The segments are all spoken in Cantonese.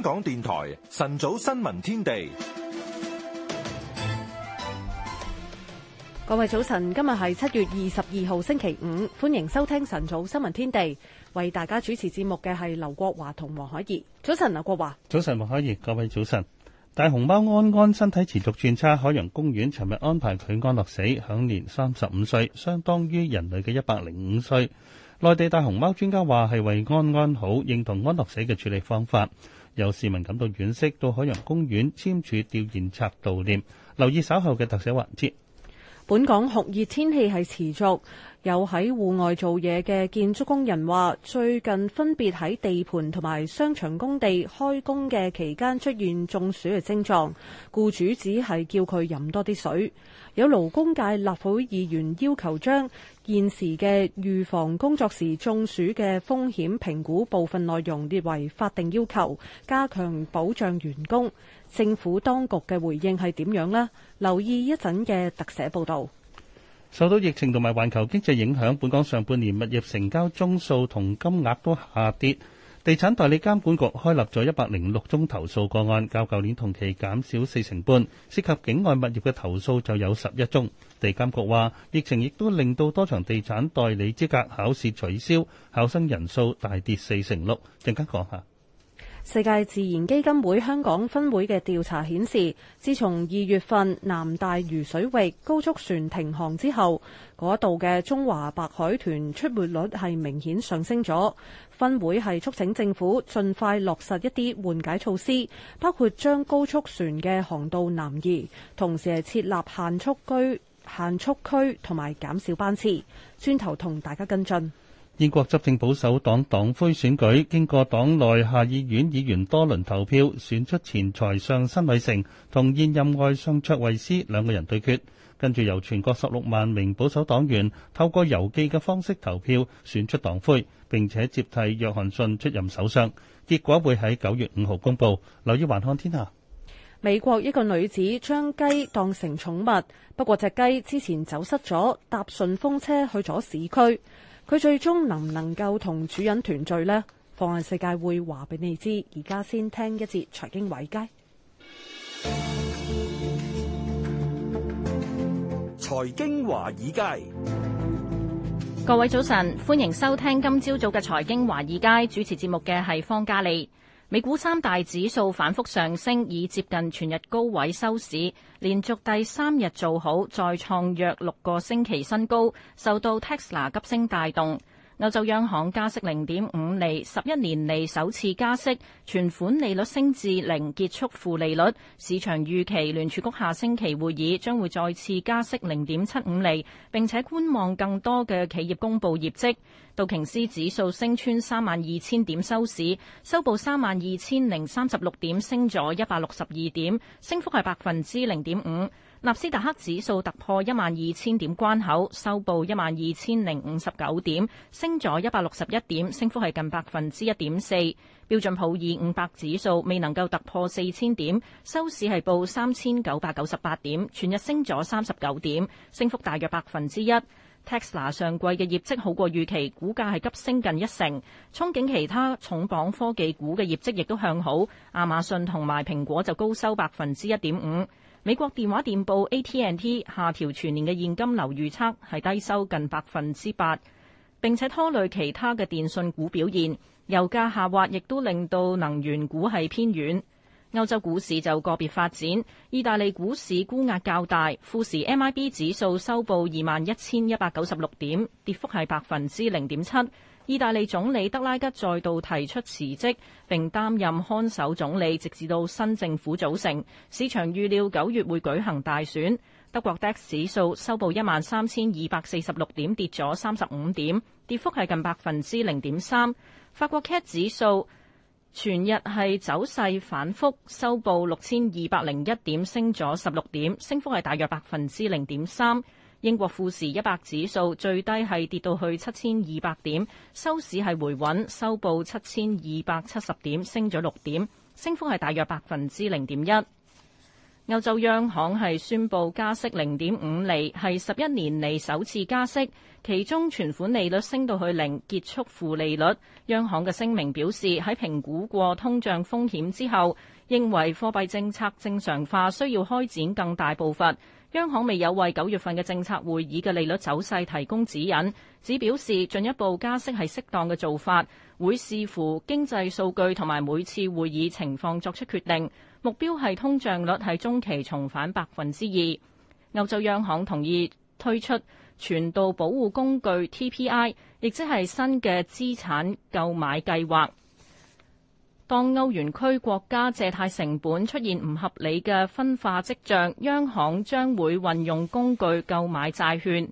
香港電台晨早新聞天地，各位早晨，今日係七月二十二號星期五，歡迎收聽晨早新聞天地。為大家主持節目嘅係劉國華同黃海怡。早晨，劉國華。早晨，黃海怡。各位早晨。大熊貓安安身體持續轉差，海洋公園尋日安排佢安樂死，享年三十五歲，相當於人類嘅一百零五歲。內地大熊貓專家話係為安安好，認同安樂死嘅處理方法。有市民感到惋惜，到海洋公園簽署吊唁冊悼念。留意稍後嘅特寫環節。本港酷熱天氣係持續，有喺戶外做嘢嘅建築工人話，最近分別喺地盤同埋商場工地開工嘅期間出現中暑嘅症狀，僱主只係叫佢飲多啲水。有勞工界立法會議員要求將現時嘅預防工作時中暑嘅風險評估部分內容列為法定要求，加強保障員工。政府當局嘅回應係點樣呢？留意一陣嘅特寫報導。受到疫情同埋環球經濟影響，本港上半年物業成交宗數同金額都下跌。地產代理監管局開立咗一百零六宗投訴個案，較舊年同期減少四成半。涉及境外物業嘅投訴就有十一宗。地監局話，疫情亦都令到多場地產代理資格考試取消，考生人數大跌四成六。陣間講下。世界自然基金會香港分會嘅調查顯示，自從二月份南大嶼水域高速船停航之後，嗰度嘅中華白海豚出沒率係明顯上升咗。分會係促請政府盡快落實一啲緩解措施，包括將高速船嘅航道南移，同時係設立限速區、限速區同埋減少班次。轉頭同大家跟進。英國執政保守黨黨魁選舉經過黨內下議院議員多輪投票，選出前財相辛偉誠同現任外相卓慧思兩個人對決。跟住由全國十六萬名保守黨員透過郵寄嘅方式投票選出黨魁，並且接替約翰遜出任首相。結果會喺九月五號公布。留意《環看天下》，美國一個女子將雞當成寵物，不過隻雞之前走失咗，搭順風車去咗市區。佢最終能唔能夠同主人團聚呢？放眼世界會話俾你知。而家先聽一節財經華爾街。財經華爾街，各位早晨，歡迎收聽今朝早嘅財經華爾街主持節目嘅係方嘉莉。美股三大指數反覆上升，已接近全日高位收市，連續第三日做好，再創約六個星期新高，受到 Tesla 急升帶動。歐洲央行加息零點五厘，十一年嚟首次加息，存款利率升至零，結束負利率。市場預期聯儲局下星期會議將會再次加息零點七五厘，並且觀望更多嘅企業公布業績。道瓊斯指數升穿三萬二千點收市，收報三萬二千零三十六點，升咗一百六十二點，升幅係百分之零點五。納斯達克指數突破一萬二千點關口，收報一萬二千零五十九點，升咗一百六十一點，升幅係近百分之一點四。標準普爾五百指數未能夠突破四千點，收市係報三千九百九十八點，全日升咗三十九點，升幅大約百分之一。Tesla 上季嘅業績好過預期，股價係急升近一成。憧憬其他重磅科技股嘅業績亦都向好，亞馬遜同埋蘋果就高收百分之一點五。美國電話電報 AT&T 下調全年嘅現金流預測，係低收近百分之八，並且拖累其他嘅電信股表現。油價下滑亦都令到能源股係偏軟，歐洲股市就個別發展，意大利股市沽壓較大，富時 MIB 指數收報二萬一千一百九十六點，跌幅係百分之零點七。意大利總理德拉吉再度提出辭職，並擔任看守總理，直至到新政府組成。市場預料九月會舉行大選。德國 DAX 指數收報一萬三千二百四十六點，跌咗三十五點，跌幅係近百分之零點三。法國 CAC 指數全日係走勢反復，收報六千二百零一點，升咗十六點，升幅係大約百分之零點三。英國富時一百指數最低係跌到去七千二百點，收市係回穩，收報七千二百七十點，升咗六點，升幅係大約百分之零點一。歐洲央行係宣布加息零點五釐，係十一年嚟首次加息，其中存款利率升到去零，結束負利率。央行嘅聲明表示，喺評估過通脹風險之後，認為貨幣政策正常化需要開展更大步伐。央行未有為九月份嘅政策會議嘅利率走勢提供指引，只表示進一步加息係適當嘅做法，會視乎經濟數據同埋每次會議情況作出決定。目標係通脹率係中期重返百分之二。歐洲央行同意推出傳導保護工具 TPI，亦即係新嘅資產購買計劃。當歐元區國家借貸成本出現唔合理嘅分化跡象，央行將會運用工具購買債券。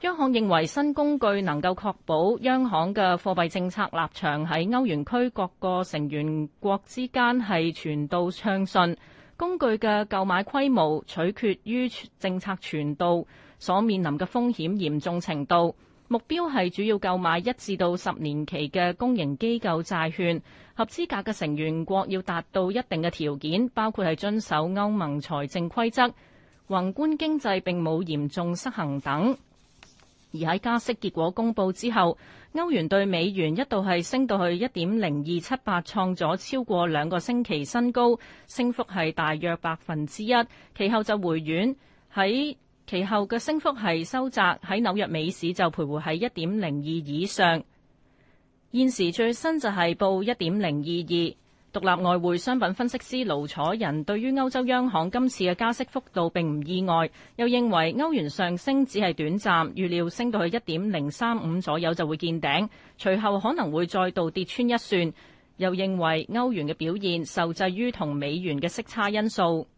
央行認為新工具能夠確保央行嘅貨幣政策立場喺歐元區各個成員國之間係傳導暢順。工具嘅購買規模取決於政策傳導所面臨嘅風險嚴重程度。目標係主要購買一至到十年期嘅公營機構債券，合資格嘅成員國要達到一定嘅條件，包括係遵守歐盟財政規則、宏觀經濟並冇嚴重失衡等。而喺加息結果公佈之後，歐元對美元一度係升到去一點零二七八，創咗超過兩個星期新高，升幅係大約百分之一。其後就回軟喺。在其後嘅升幅係收窄，喺紐約美市就徘徊喺一點零二以上。現時最新就係報一點零二二。獨立外匯商品分析師盧楚仁對於歐洲央行今次嘅加息幅度並唔意外，又認為歐元上升只係短暫，預料升到去一點零三五左右就會見頂，隨後可能會再度跌穿一算。又認為歐元嘅表現受制於同美元嘅息差因素。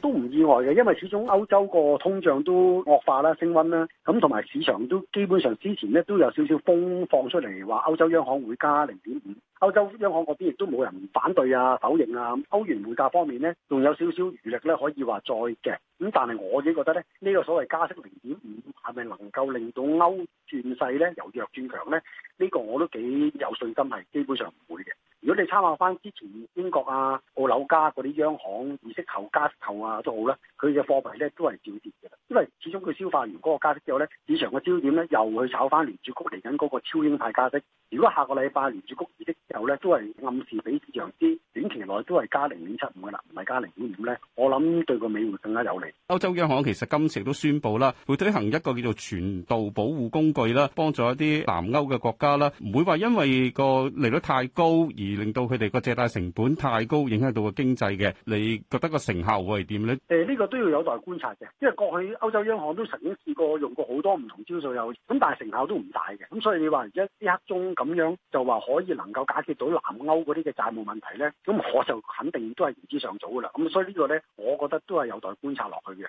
都唔意外嘅，因為始終歐洲個通脹都惡化啦、升溫啦，咁同埋市場都基本上之前咧都有少少風放出嚟，話歐洲央行會加零點五。歐洲央行嗰邊亦都冇人反對啊、否認啊。歐元匯價方面咧，仲有少少餘力咧，可以話再嘅。咁、嗯、但係我自己覺得咧，呢、這個所謂加息零點五係咪能夠令到歐轉勢咧，由弱轉強咧？呢、這個我都幾有信心係基本上唔會嘅。如果你參考翻之前英國啊、澳紐加嗰啲央行議息後加息後啊都好啦，佢嘅貨幣咧都係照跌嘅，因為始終佢消化完嗰個加息之後咧，市場嘅焦點咧又會炒翻聯儲局嚟緊嗰個超英派加息。如果下個禮拜聯儲局議息之後咧，都係暗示俾市場知，短期內都係加零點七五嘅啦，唔係加零點五咧，我諗對個美匯更加有利。歐洲央行其實今次都宣布啦，會推行一個叫做傳導保護工具啦，幫助一啲南歐嘅國家啦，唔會話因為個利率太高而而令到佢哋個借貸成本太高，影響到個經濟嘅，你覺得個成效會係點呢？誒、欸，呢、呢個都要有待觀察嘅，因為過去歐洲央行都曾經試過用過好多唔同招數，有咁，但係成效都唔大嘅。咁所以你話一即刻鐘咁樣就話可以能夠解決到南歐嗰啲嘅債務問題呢？咁我就肯定都係言之尚早噶啦。咁所以呢個呢，我覺得都係有待觀察落去嘅。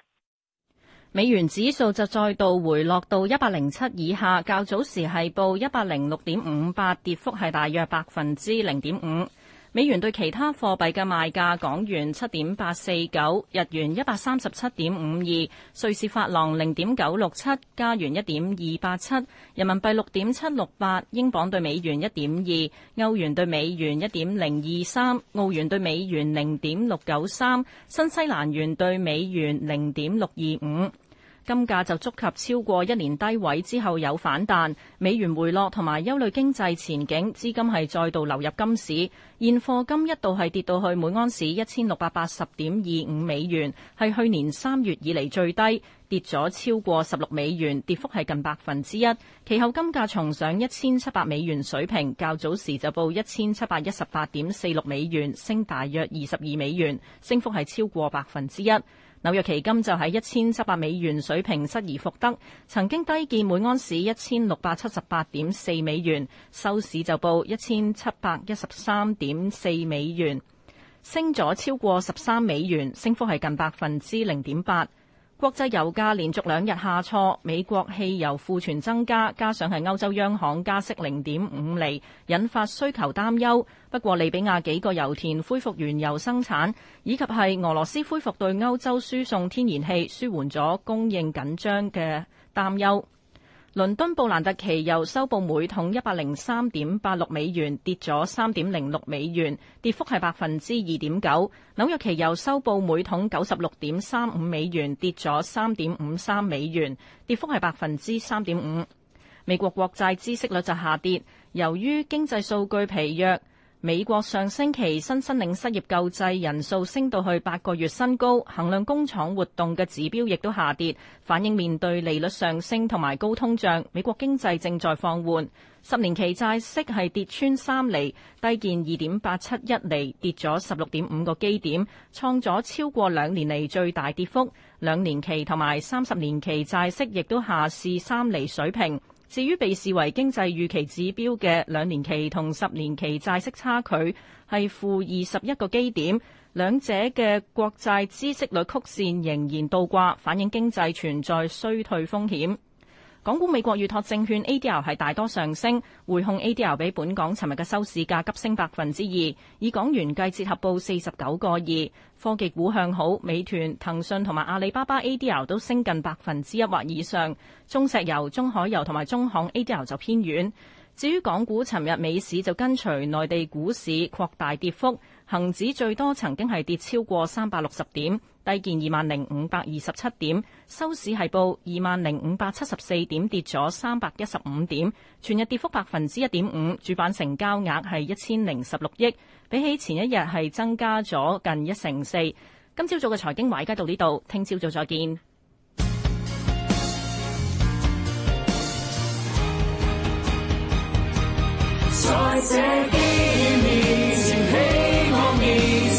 美元指數就再度回落到一百零七以下，較早時係報一百零六點五八，跌幅係大約百分之零點五。美元對其他貨幣嘅賣價：港元七點八四九，日元一百三十七點五二，瑞士法郎零點九六七，加元一點二八七，人民幣六點七六八，英鎊對美元一點二，歐元對美元一點零二三，澳元對美元零點六九三，新西蘭元對美元零點六二五。金價就觸及超過一年低位之後有反彈，美元回落同埋憂慮經濟前景，資金係再度流入金市。現貨金一度係跌到去每盎司一千六百八十點二五美元，係去年三月以嚟最低，跌咗超過十六美元，跌幅係近百分之一。其後金價重上一千七百美元水平，較早時就報一千七百一十八點四六美元，升大約二十二美元，升幅係超過百分之一。紐約期金就喺一千七百美元水平失而復得，曾經低見每安士一千六百七十八點四美元，收市就報一千七百一十三點四美元，升咗超過十三美元，升幅係近百分之零點八。國際油價連續兩日下挫，美國汽油庫存增加，加上係歐洲央行加息零點五厘，引發需求擔憂。不過利比亞幾個油田恢復原油生產，以及係俄羅斯恢復對歐洲輸送天然氣，舒緩咗供應緊張嘅擔憂。倫敦布蘭特期油收報每桶一百零三點八六美元，跌咗三點零六美元，跌幅係百分之二點九。紐約期油收報每桶九十六點三五美元，跌咗三點五三美元，跌幅係百分之三點五。美國國債孳息率就下跌，由於經濟數據疲弱。美國上星期新申領失業救濟人數升到去八個月新高，衡量工廠活動嘅指標亦都下跌，反映面對利率上升同埋高通脹，美國經濟正在放緩。十年期債息係跌穿三厘，低見二點八七一厘，跌咗十六點五個基點，創咗超過兩年嚟最大跌幅。兩年期同埋三十年期債息亦都下試三厘水平。至於被視為經濟預期指標嘅兩年期同十年期債息差距係負二十一個基點，兩者嘅國債孳息率曲線仍然倒掛，反映經濟存在衰退風險。港股美國預託證券 ADR 係大多上升，匯控 ADR 比本港尋日嘅收市價急升百分之二，以港元計折合報四十九個二。科技股向好，美團、騰訊同埋阿里巴巴 ADR 都升近百分之一或以上。中石油、中海油同埋中行 ADR 就偏軟。至於港股尋日尾市就跟隨內地股市擴大跌幅。恒指最多曾經係跌超過三百六十點，低見二萬零五百二十七點，收市係報二萬零五百七十四點，跌咗三百一十五點，全日跌幅百分之一點五，主板成交額係一千零十六億，比起前一日係增加咗近一成四。今朝早嘅財經話題，依家到呢度，聽朝早再見。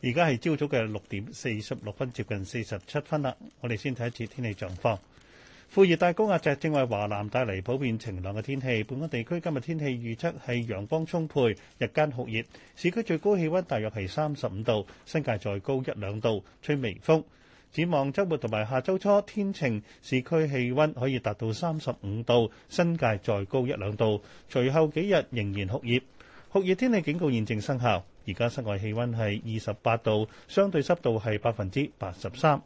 而家係朝早嘅六點四十六分，接近四十七分啦。我哋先睇一次天氣狀況。副熱帶高壓脊正為華南帶嚟普遍晴朗嘅天氣。本港地區今日天氣預測係陽光充沛，日間酷熱。市區最高氣温大約係三十五度，新界再高一兩度，吹微風。展望週末同埋下週初天晴，市區氣温可以達到三十五度，新界再高一兩度。隨後幾日仍然酷熱，酷熱天氣警告現正生效。而家室外氣溫係二十八度，相對濕度係百分之八十三。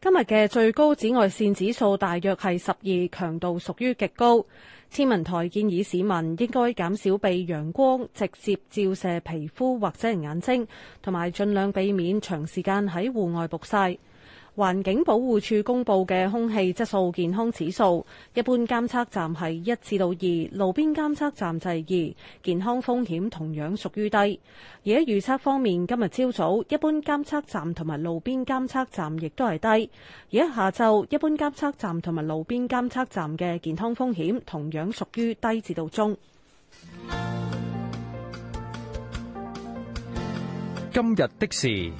今日嘅最高紫外線指數大約係十二，強度屬於極高。天文台建議市民應該減少被陽光直接照射皮膚或者人眼睛，同埋盡量避免長時間喺戶外曝曬。環境保護署公布嘅空氣質素健康指數，一般監測站係一至到二，路邊監測站就係二，健康風險同樣屬於低。而喺預測方面，今日朝早一般監測站同埋路邊監測站亦都係低，而喺下晝一般監測站同埋路邊監測站嘅健康風險同樣屬於低至到中。今日的事。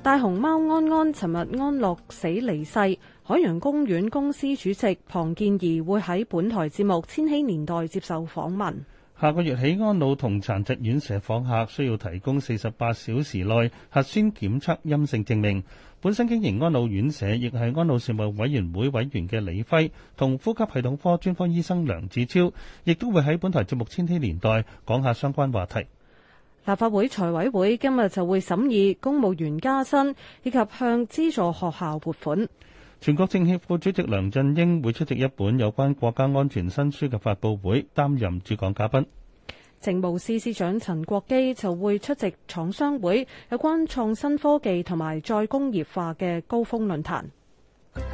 大熊貓安安尋日安樂死離世，海洋公園公司主席龐建儀會喺本台節目《千禧年代》接受訪問。下個月起，安老同殘疾院舍訪客需要提供四十八小時內核酸檢測陰性證明。本身經營安老院舍亦係安老事務委員會委員嘅李輝同呼吸系統科專科醫生梁子超，亦都會喺本台節目《千禧年代》講下相關話題。立法會財委會今日就會審議公務員加薪，以及向資助學校撥款。全國政協副主席梁振英會出席一本有關國家安全新書嘅發佈會，擔任主講嘉賓。政務司司長陳國基就會出席廠商會有關創新科技同埋再工業化嘅高峰論壇。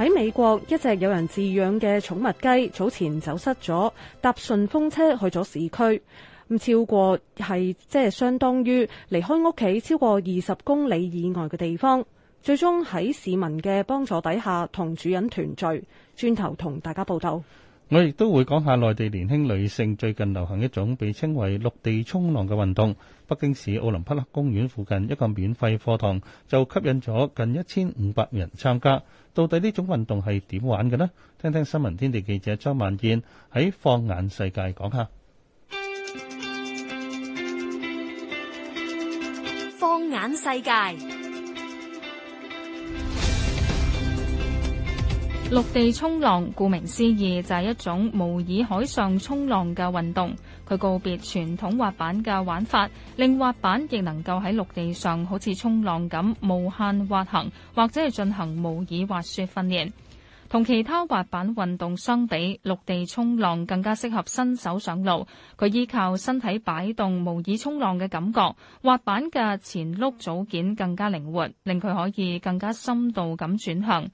喺美國，一隻有人飼養嘅寵物雞早前走失咗，搭順風車去咗市區，咁超過係即係相當於離開屋企超過二十公里以外嘅地方，最終喺市民嘅幫助底下同主人團聚。轉頭同大家報道。我亦都會講下內地年輕女性最近流行一種被稱為陸地衝浪嘅運動。北京市奧林匹克公園附近一個免費課堂就吸引咗近一千五百人參加。到底呢種運動係點玩嘅呢？聽聽新聞天地記者張曼燕喺放眼世界講下。放眼世界。陸地衝浪，顧名思義就係一種模擬海上衝浪嘅運動。佢告別傳統滑板嘅玩法，令滑板亦能夠喺陸地上好似衝浪咁無限滑行，或者係進行模擬滑雪訓練。同其他滑板運動相比，陸地衝浪更加適合新手上路。佢依靠身體擺動模擬衝浪嘅感覺，滑板嘅前碌組件更加靈活，令佢可以更加深度咁轉向。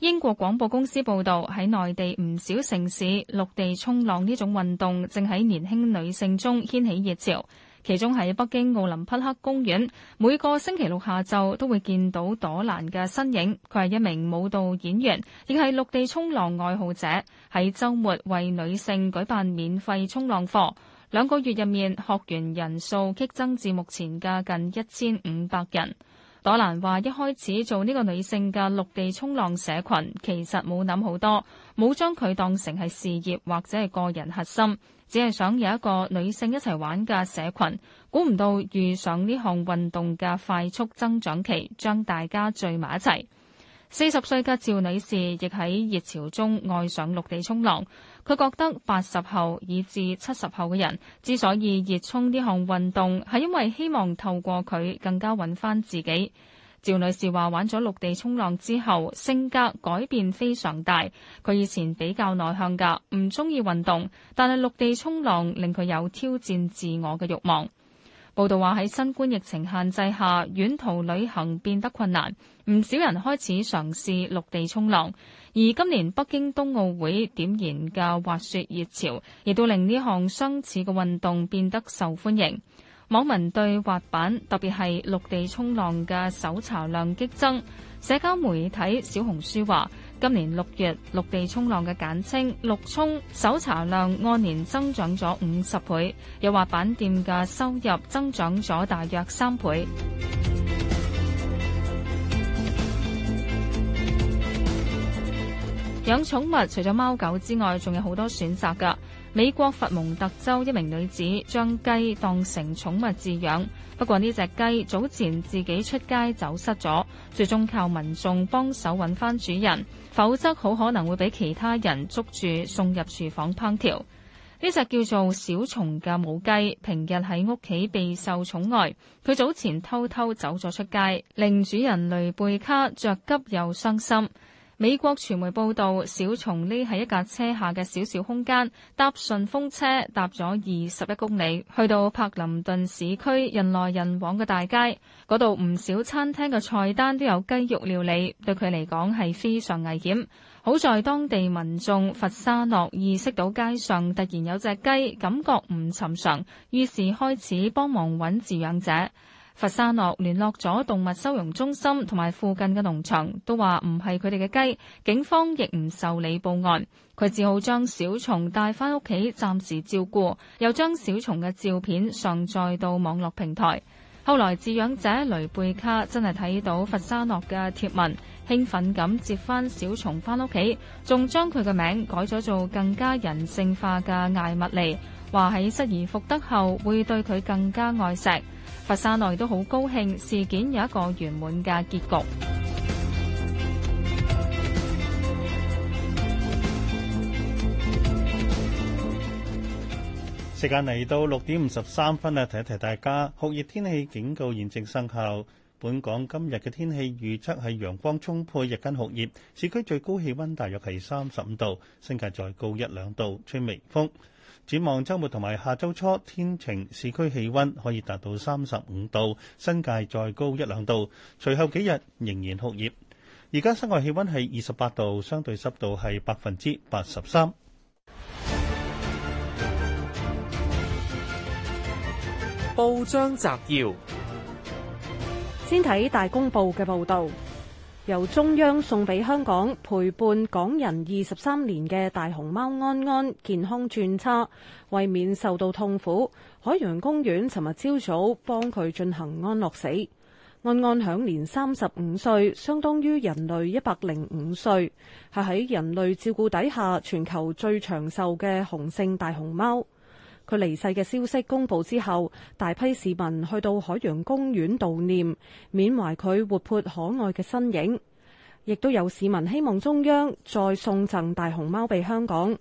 英國廣播公司報道，喺內地唔少城市，陸地衝浪呢種運動正喺年輕女性中掀起熱潮。其中喺北京奧林匹克公園，每個星期六下晝都會見到朵蘭嘅身影。佢係一名舞蹈演員，亦係陸地衝浪愛好者，喺周末為女性舉辦免費衝浪課。兩個月入面，學員人數激增至目前嘅近一千五百人。朵蘭話：一開始做呢個女性嘅陸地沖浪社群，其實冇諗好多，冇將佢當成係事業或者係個人核心，只係想有一個女性一齊玩嘅社群。估唔到遇上呢項運動嘅快速增長期，將大家聚埋一齊。四十歲嘅趙女士亦喺熱潮中愛上陸地沖浪。佢覺得八十後以至七十後嘅人之所以熱衷呢項運動，係因為希望透過佢更加搵返自己。趙女士話：玩咗陸地沖浪之後，性格改變非常大。佢以前比較內向㗎，唔中意運動，但係陸地沖浪令佢有挑戰自我嘅慾望。報道話喺新冠疫情限制下，遠途旅行變得困難，唔少人開始嘗試陸地衝浪。而今年北京冬奧會點燃嘅滑雪熱潮，亦都令呢項相似嘅運動變得受歡迎。網民對滑板，特別係陸地衝浪嘅搜查量激增。社交媒體小紅書話：今年六月，陸地衝浪嘅簡稱陸衝搜查量按年增長咗五十倍，又話板店嘅收入增長咗大約三倍。 養寵物除咗貓狗之外，仲有好多選擇噶。美國佛蒙特州一名女子將雞當成寵物飼養，不過呢隻雞早前自己出街走失咗，最終靠民眾幫手揾翻主人。否則，好可能會俾其他人捉住送入廚房烹調。呢隻叫做小蟲嘅母雞，平日喺屋企備受寵愛，佢早前偷偷走咗出街，令主人雷貝卡着急又傷心。美國傳媒報道，小松匿喺一架車下嘅小小空間，搭順風車搭咗二十一公里，去到柏林頓市區人來人往嘅大街。嗰度唔少餐廳嘅菜單都有雞肉料理，對佢嚟講係非常危險。好在當地民眾佛沙諾意識到街上突然有隻雞，感覺唔尋常，於是開始幫忙揾飼養者。佛山樂聯絡咗動物收容中心同埋附近嘅農場，都話唔係佢哋嘅雞，警方亦唔受理報案，佢只好將小蟲帶翻屋企暫時照顧，又將小蟲嘅照片上載到網絡平台。後來飼養者雷貝卡真係睇到佛山樂嘅貼文，興奮咁接翻小蟲翻屋企，仲將佢嘅名改咗做更加人性化嘅艾蜜莉，話喺失而復得後會對佢更加愛錫。佛山內都好高興，事件有一個圓滿嘅結局。時間嚟到六點五十三分啦，提一提大家，酷熱天氣警告現正生效。本港今日嘅天氣預測係陽光充沛，日間酷熱，市區最高氣溫大約係三十五度，新界再高一兩度，吹微風。展望周末同埋下周初天晴，市區氣溫可以達到三十五度，新界再高一兩度。隨後幾日仍然酷熱。而家室外氣溫係二十八度，相對濕度係百分之八十三。報章摘要，先睇大公報嘅報道。由中央送俾香港陪伴港人二十三年嘅大熊貓安安健康轉差，為免受到痛苦，海洋公園尋日朝早幫佢進行安樂死。安安享年三十五歲，相當於人類一百零五歲，係喺人類照顧底下全球最長壽嘅雄性大熊貓。佢離世嘅消息公布之後，大批市民去到海洋公園悼念，緬懷佢活潑可愛嘅身影。亦都有市民希望中央再送贈大熊貓俾香港。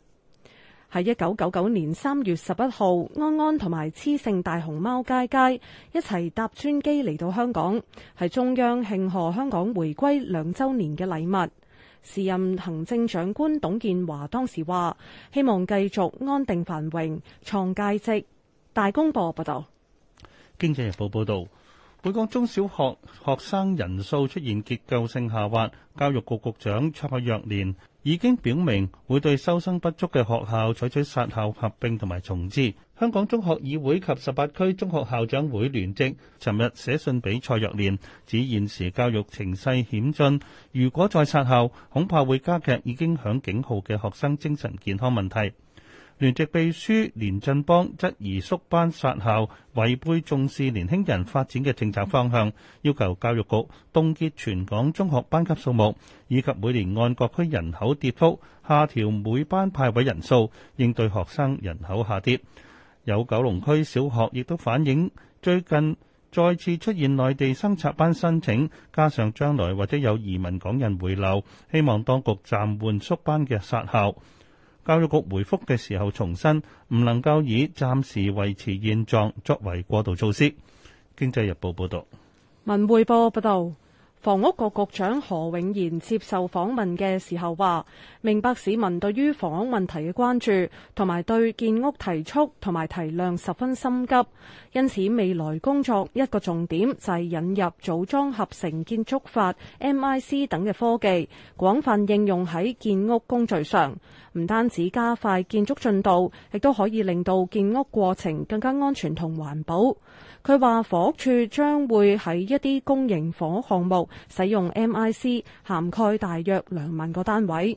喺一九九九年三月十一號，安安同埋雌性大熊貓佳佳一齊搭專機嚟到香港，係中央慶賀香港回歸兩周年嘅禮物。時任行政長官董建華當時話：希望繼續安定繁榮，創佳績。大公報報道，《經濟日報》報道，本港中小學學生人數出現結構性下滑，教育局局長蔡若蓮已經表明會對收生不足嘅學校採取殺校合併同埋重置。香港中學議會及十八區中學校長會聯席，尋日寫信俾蔡若蓮，指現時教育情勢險峻，如果再殺校，恐怕會加劇已經響警號嘅學生精神健康問題。聯席秘書連振邦質疑縮班殺校違背重視年輕人發展嘅政策方向，要求教育局凍結全港中學班級數目，以及每年按各區人口跌幅下調每班派位人數，應對學生人口下跌。有九龍區小學亦都反映，最近再次出現內地生插班申請，加上將來或者有移民港人回流，希望當局暫緩縮縮班嘅殺校。教育局回覆嘅時候重申，唔能夠以暫時維持現狀作為過渡措施。經濟日報報道，文匯報報道。房屋局局長何永賢接受訪問嘅時候話：明白市民對於房屋問題嘅關注，同埋對建屋提速同埋提量十分心急。因此未來工作一個重點就係引入組裝合成建築法 MiC 等嘅科技，廣泛應用喺建屋工序上。唔單止加快建築進度，亦都可以令到建屋過程更加安全同環保。佢話房屋處將會喺一啲公營房屋項目使用 MIC，涵蓋大約兩萬個單位。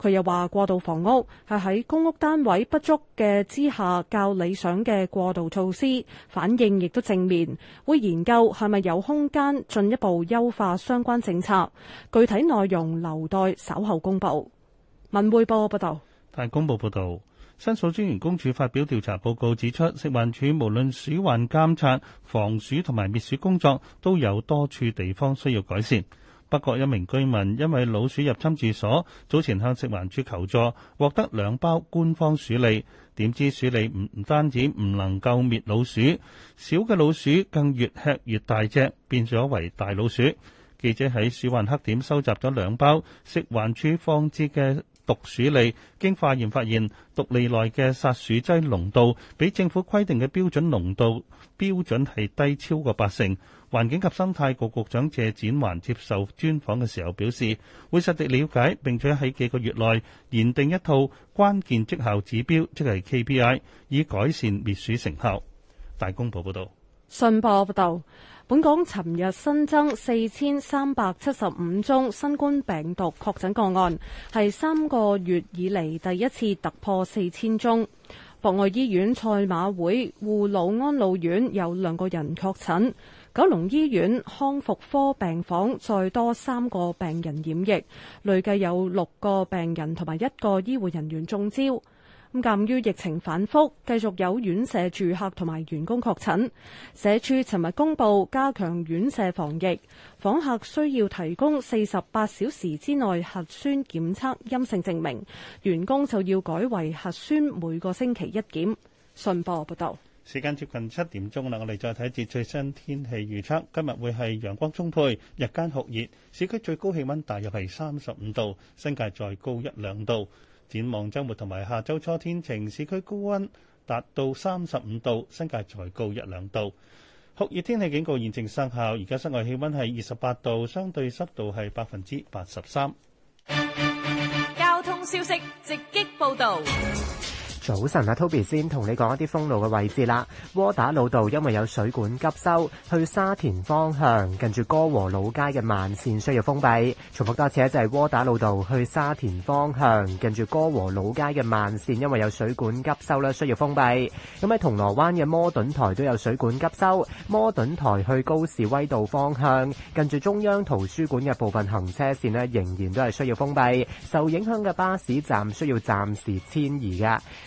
佢又話過渡房屋係喺公屋單位不足嘅之下較理想嘅過渡措施，反應亦都正面。會研究係咪有空間進一步優化相關政策，具體內容留待稍後公布。文匯報報道。大公報報導。申訴專員公署發表調查報告指出，食環署無論鼠患監察、防鼠同埋滅鼠工作，都有多處地方需要改善。不過，北角一名居民因為老鼠入侵住所，早前向食環署求助，獲得兩包官方鼠粒，點知鼠粒唔唔單止唔能夠滅老鼠，小嘅老鼠更越吃越大隻，變咗為大老鼠。記者喺鼠患黑點收集咗兩包食環署放置嘅。毒鼠利經化驗發現，毒利內嘅殺鼠劑濃度比政府規定嘅標準濃度標準係低超過八成。環境及生態局局長謝展寰接受專訪嘅時候表示，會實地了解，並且喺幾個月內研定一套關鍵績效指標，即係 KPI，以改善滅鼠成效。大公報報道，信報報道。本港尋日新增四千三百七十五宗新冠病毒確診個案，係三個月以嚟，第一次突破四千宗。博愛醫院賽馬會護老安老院有兩個人確診，九龍醫院康復科病房再多三個病人染疫，累計有六個病人同埋一個醫護人員中招。鑒於疫情反覆，繼續有院舍住客同埋員工確診，社署尋日公布加強院舍防疫，訪客需要提供四十八小時之內核酸檢測陰性證明，員工就要改為核酸每個星期一檢。信報報道，時間接近七點鐘啦，我哋再睇一節最新天氣預測。今日會係陽光充沛，日間酷熱，市區最高氣溫大約係三十五度，新界再高一兩度。展望周末同埋下周初天晴，市區高溫達到三十五度，新界才高一兩度。酷熱天氣警告現正生效，而家室外氣溫係二十八度，相對濕度係百分之八十三。交通消息直擊報道。早晨啊，Toby 先同你講一啲封路嘅位置啦。窩打老道因為有水管急修，去沙田方向近住歌和老街嘅慢綫需要封閉。重複多次，就係窩打老道去沙田方向近住歌和老街嘅慢綫，因為有水管急修咧，需要封閉。咁喺銅鑼灣嘅摩頓台都有水管急修，摩頓台去高士威道方向近住中央圖書館嘅部分行車綫咧，仍然都係需要封閉。受影響嘅巴士站需要暫時遷移噶。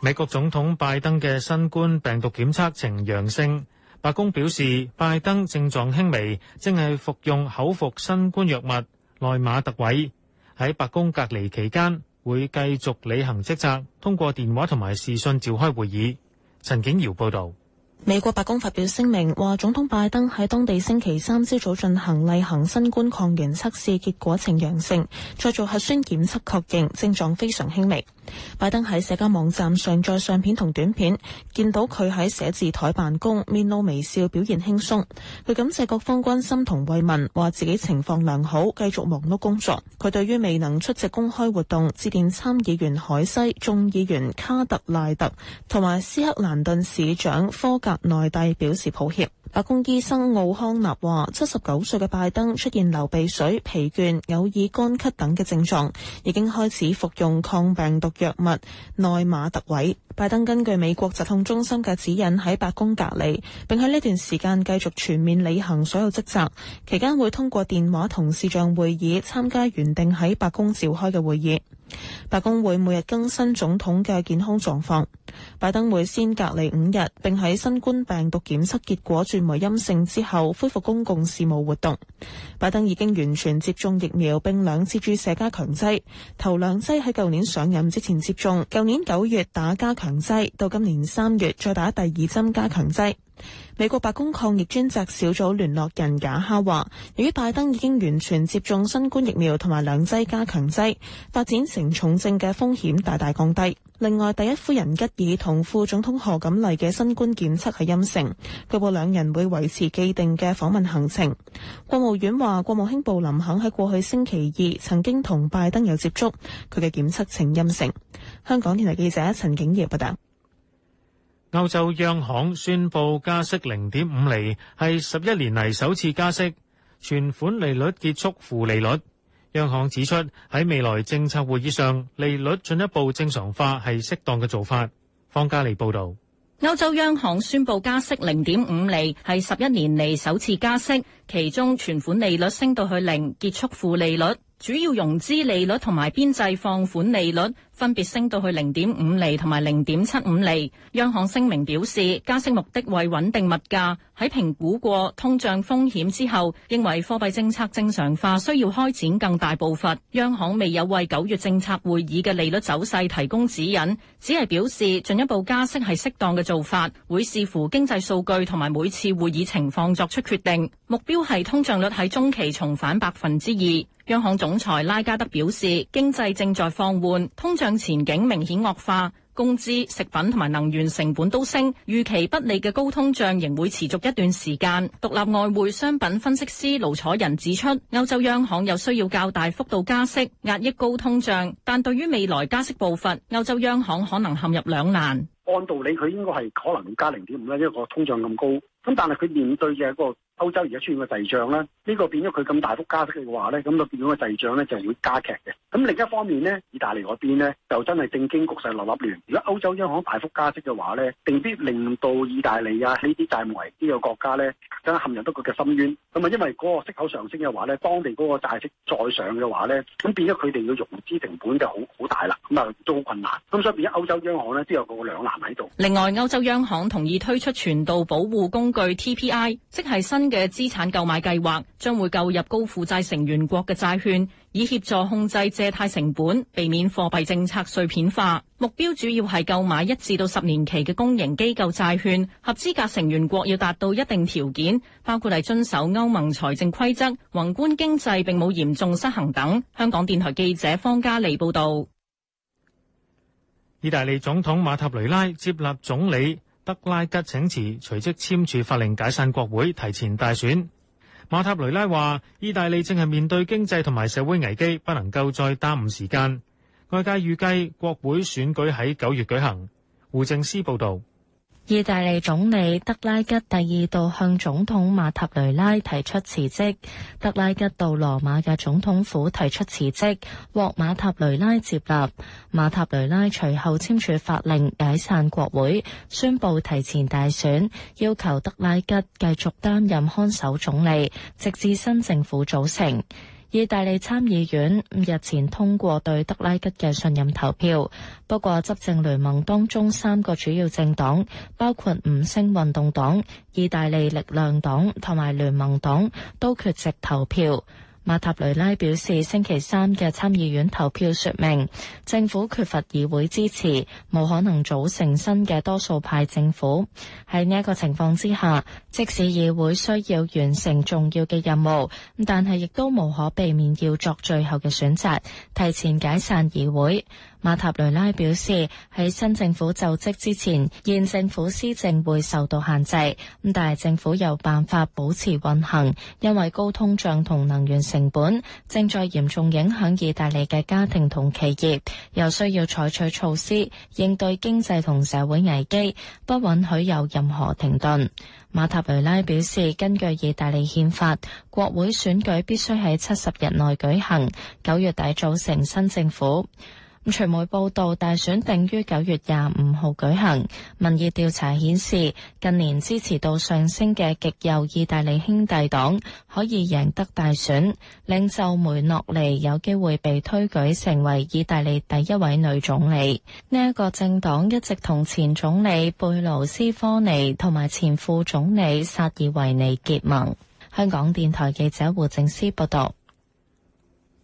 美國總統拜登嘅新冠病毒檢測呈陽性，白宮表示拜登症狀輕微，正係服用口服新冠藥物奈瑪特韋。喺白宮隔離期間會繼續履行職責，通過電話同埋視訊召開會議。陳景堯報道。美國白宮發表聲明話，總統拜登喺當地星期三朝早進行例行新冠抗原測試，結果呈陽性，再做核酸檢測確認，症狀非常輕微。拜登喺社交網站上載相片同短片，見到佢喺寫字台辦公，面露微笑，表現輕鬆。佢感謝各方關心同慰問，話自己情況良好，繼續忙碌工作。佢對於未能出席公開活動，致電參議員凱西、眾議員卡特賴特同埋斯克蘭頓市長科格內蒂表示抱歉。白宮醫生奧康納話：七十九歲嘅拜登出現流鼻水、疲倦、偶爾乾咳等嘅症狀，已經開始服用抗病毒。藥物奈馬特韋。拜登根據美國疾控中心嘅指引喺白宮隔離，並喺呢段時間繼續全面履行所有職責。期間會通過電話同視像會議參加原定喺白宮召開嘅會議。白宮會每日更新總統嘅健康狀況。拜登會先隔離五日，並喺新冠病毒檢測結果轉為陰性之後，恢復公共事務活動。拜登已經完全接種疫苗，並兩次注射加強劑。頭兩劑喺舊年上任之前接種，舊年九月打加強劑，到今年三月再打第二針加強劑。美國白宮抗疫專責小組聯絡人賈哈話，由於拜登已經完全接種新冠疫苗同埋兩劑加強劑，發展成重症嘅風險大大降低。另外，第一夫人吉爾同副總統賀錦麗嘅新冠檢測係陰性，據報兩人會維持既定嘅訪問行程。國務院話，國務卿布林肯喺過去星期二曾經同拜登有接觸，佢嘅檢測呈陰性。香港電台記者陳景儀報道。歐洲央行宣布加息零點五厘，係十一年嚟首次加息，存款利率結束負利率。央行指出喺未來政策會議上，利率進一步正常化係適當嘅做法。方家利報道：歐洲央行宣布加息零點五厘，係十一年嚟首次加息，其中存款利率升到去零，結束負利率。主要融資利率同埋邊際放款利率分別升到去零點五厘同埋零點七五厘。央行聲明表示，加息目的為穩定物價。喺評估過通脹風險之後，認為貨幣政策正常化需要開展更大步伐。央行未有為九月政策會議嘅利率走勢提供指引，只係表示進一步加息係適當嘅做法，會視乎經濟數據同埋每次會議情況作出決定。目標係通脹率喺中期重返百分之二。央行總裁拉加德表示，經濟正在放緩，通脹前景明顯惡化，工資、食品同埋能源成本都升，預期不利嘅高通脹仍會持續一段時間。獨立外匯商品分析師盧楚仁指出，歐洲央行又需要較大幅度加息，壓抑高通脹，但對於未來加息步伐，歐洲央行可能陷入兩難。按道理佢應該係可能加零點五啦，一個通脹咁高，咁但係佢面對嘅一個歐洲而家出現個滯脹啦，呢、這個變咗佢咁大幅加息嘅話咧，咁就變咗個滯脹咧就係會加劇嘅。咁另一方面咧，意大利嗰邊咧就真係政經局勢立立亂。如果歐洲央行大幅加息嘅話咧，定必令到意大利啊呢啲債務危機嘅國家咧，真係陷入到佢嘅深淵。咁啊，因為嗰個息口上升嘅話咧，當地嗰個債息再上嘅話咧，咁變咗佢哋嘅融資成本就好好大啦。咁啊都好困難。咁所以變咗歐洲央行咧都有兩個兩難喺度。另外，歐洲央行同意推出傳導保護工具 TPI，即係新。嘅資產購買計劃將會購入高負債成員國嘅債券，以協助控制借貸成本，避免貨幣政策碎片化。目標主要係購買一至到十年期嘅公營機構債券。合資格成員國要達到一定條件，包括係遵守歐盟財政規則、宏觀經濟並冇嚴重失衡等。香港電台記者方嘉利報道。意大利總統馬塔雷拉接納總理。德拉吉請辭，隨即簽署法令解散國會，提前大選。馬塔雷拉話：意大利正係面對經濟同埋社會危機，不能夠再耽誤時間。外界預計國會選舉喺九月舉行。胡正思報導。意大利總理德拉吉第二度向總統馬塔雷拉提出辭職，德拉吉到羅馬嘅總統府提出辭職，獲馬塔雷拉接納。馬塔雷拉隨後簽署法令解散國會，宣布提前大選，要求德拉吉繼續擔任看守總理，直至新政府組成。意大利參議院日前通過對德拉吉嘅信任投票，不過執政聯盟當中三個主要政黨，包括五星運動黨、意大利力量黨同埋聯盟黨都缺席投票。馬塔雷拉表示，星期三嘅參議院投票說明政府缺乏議會支持，冇可能組成新嘅多數派政府。喺呢一個情況之下，即使議會需要完成重要嘅任務，但係亦都無可避免要作最後嘅選擇，提前解散議會。馬塔雷拉表示，喺新政府就職之前，現政府施政會受到限制。咁但係政府有辦法保持運行，因為高通脹同能源成本正在嚴重影響意大利嘅家庭同企業，又需要採取措施應對經濟同社會危機，不允許有任何停頓。馬塔雷拉表示，根據意大利憲法，國會選舉必須喺七十日內舉行，九月底組成新政府。傳媒報道，大選定於九月廿五號舉行。民意調查顯示，近年支持度上升嘅極右意大利兄弟黨可以贏得大選，領袖梅諾尼有機會被推舉成為意大利第一位女總理。呢、這、一個政黨一直同前總理貝盧斯科尼同埋前副總理薩爾維尼結盟。香港電台記者胡靜思報道。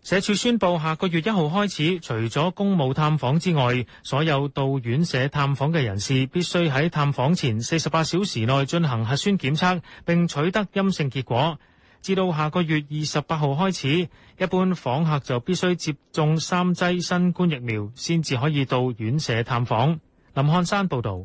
社署宣布，下個月一號開始，除咗公務探訪之外，所有到院舍探訪嘅人士必須喺探訪前四十八小時內進行核酸檢測，並取得陰性結果。至到下個月二十八號開始，一般訪客就必須接種三劑新冠疫苗，先至可以到院舍探訪。林漢山報道。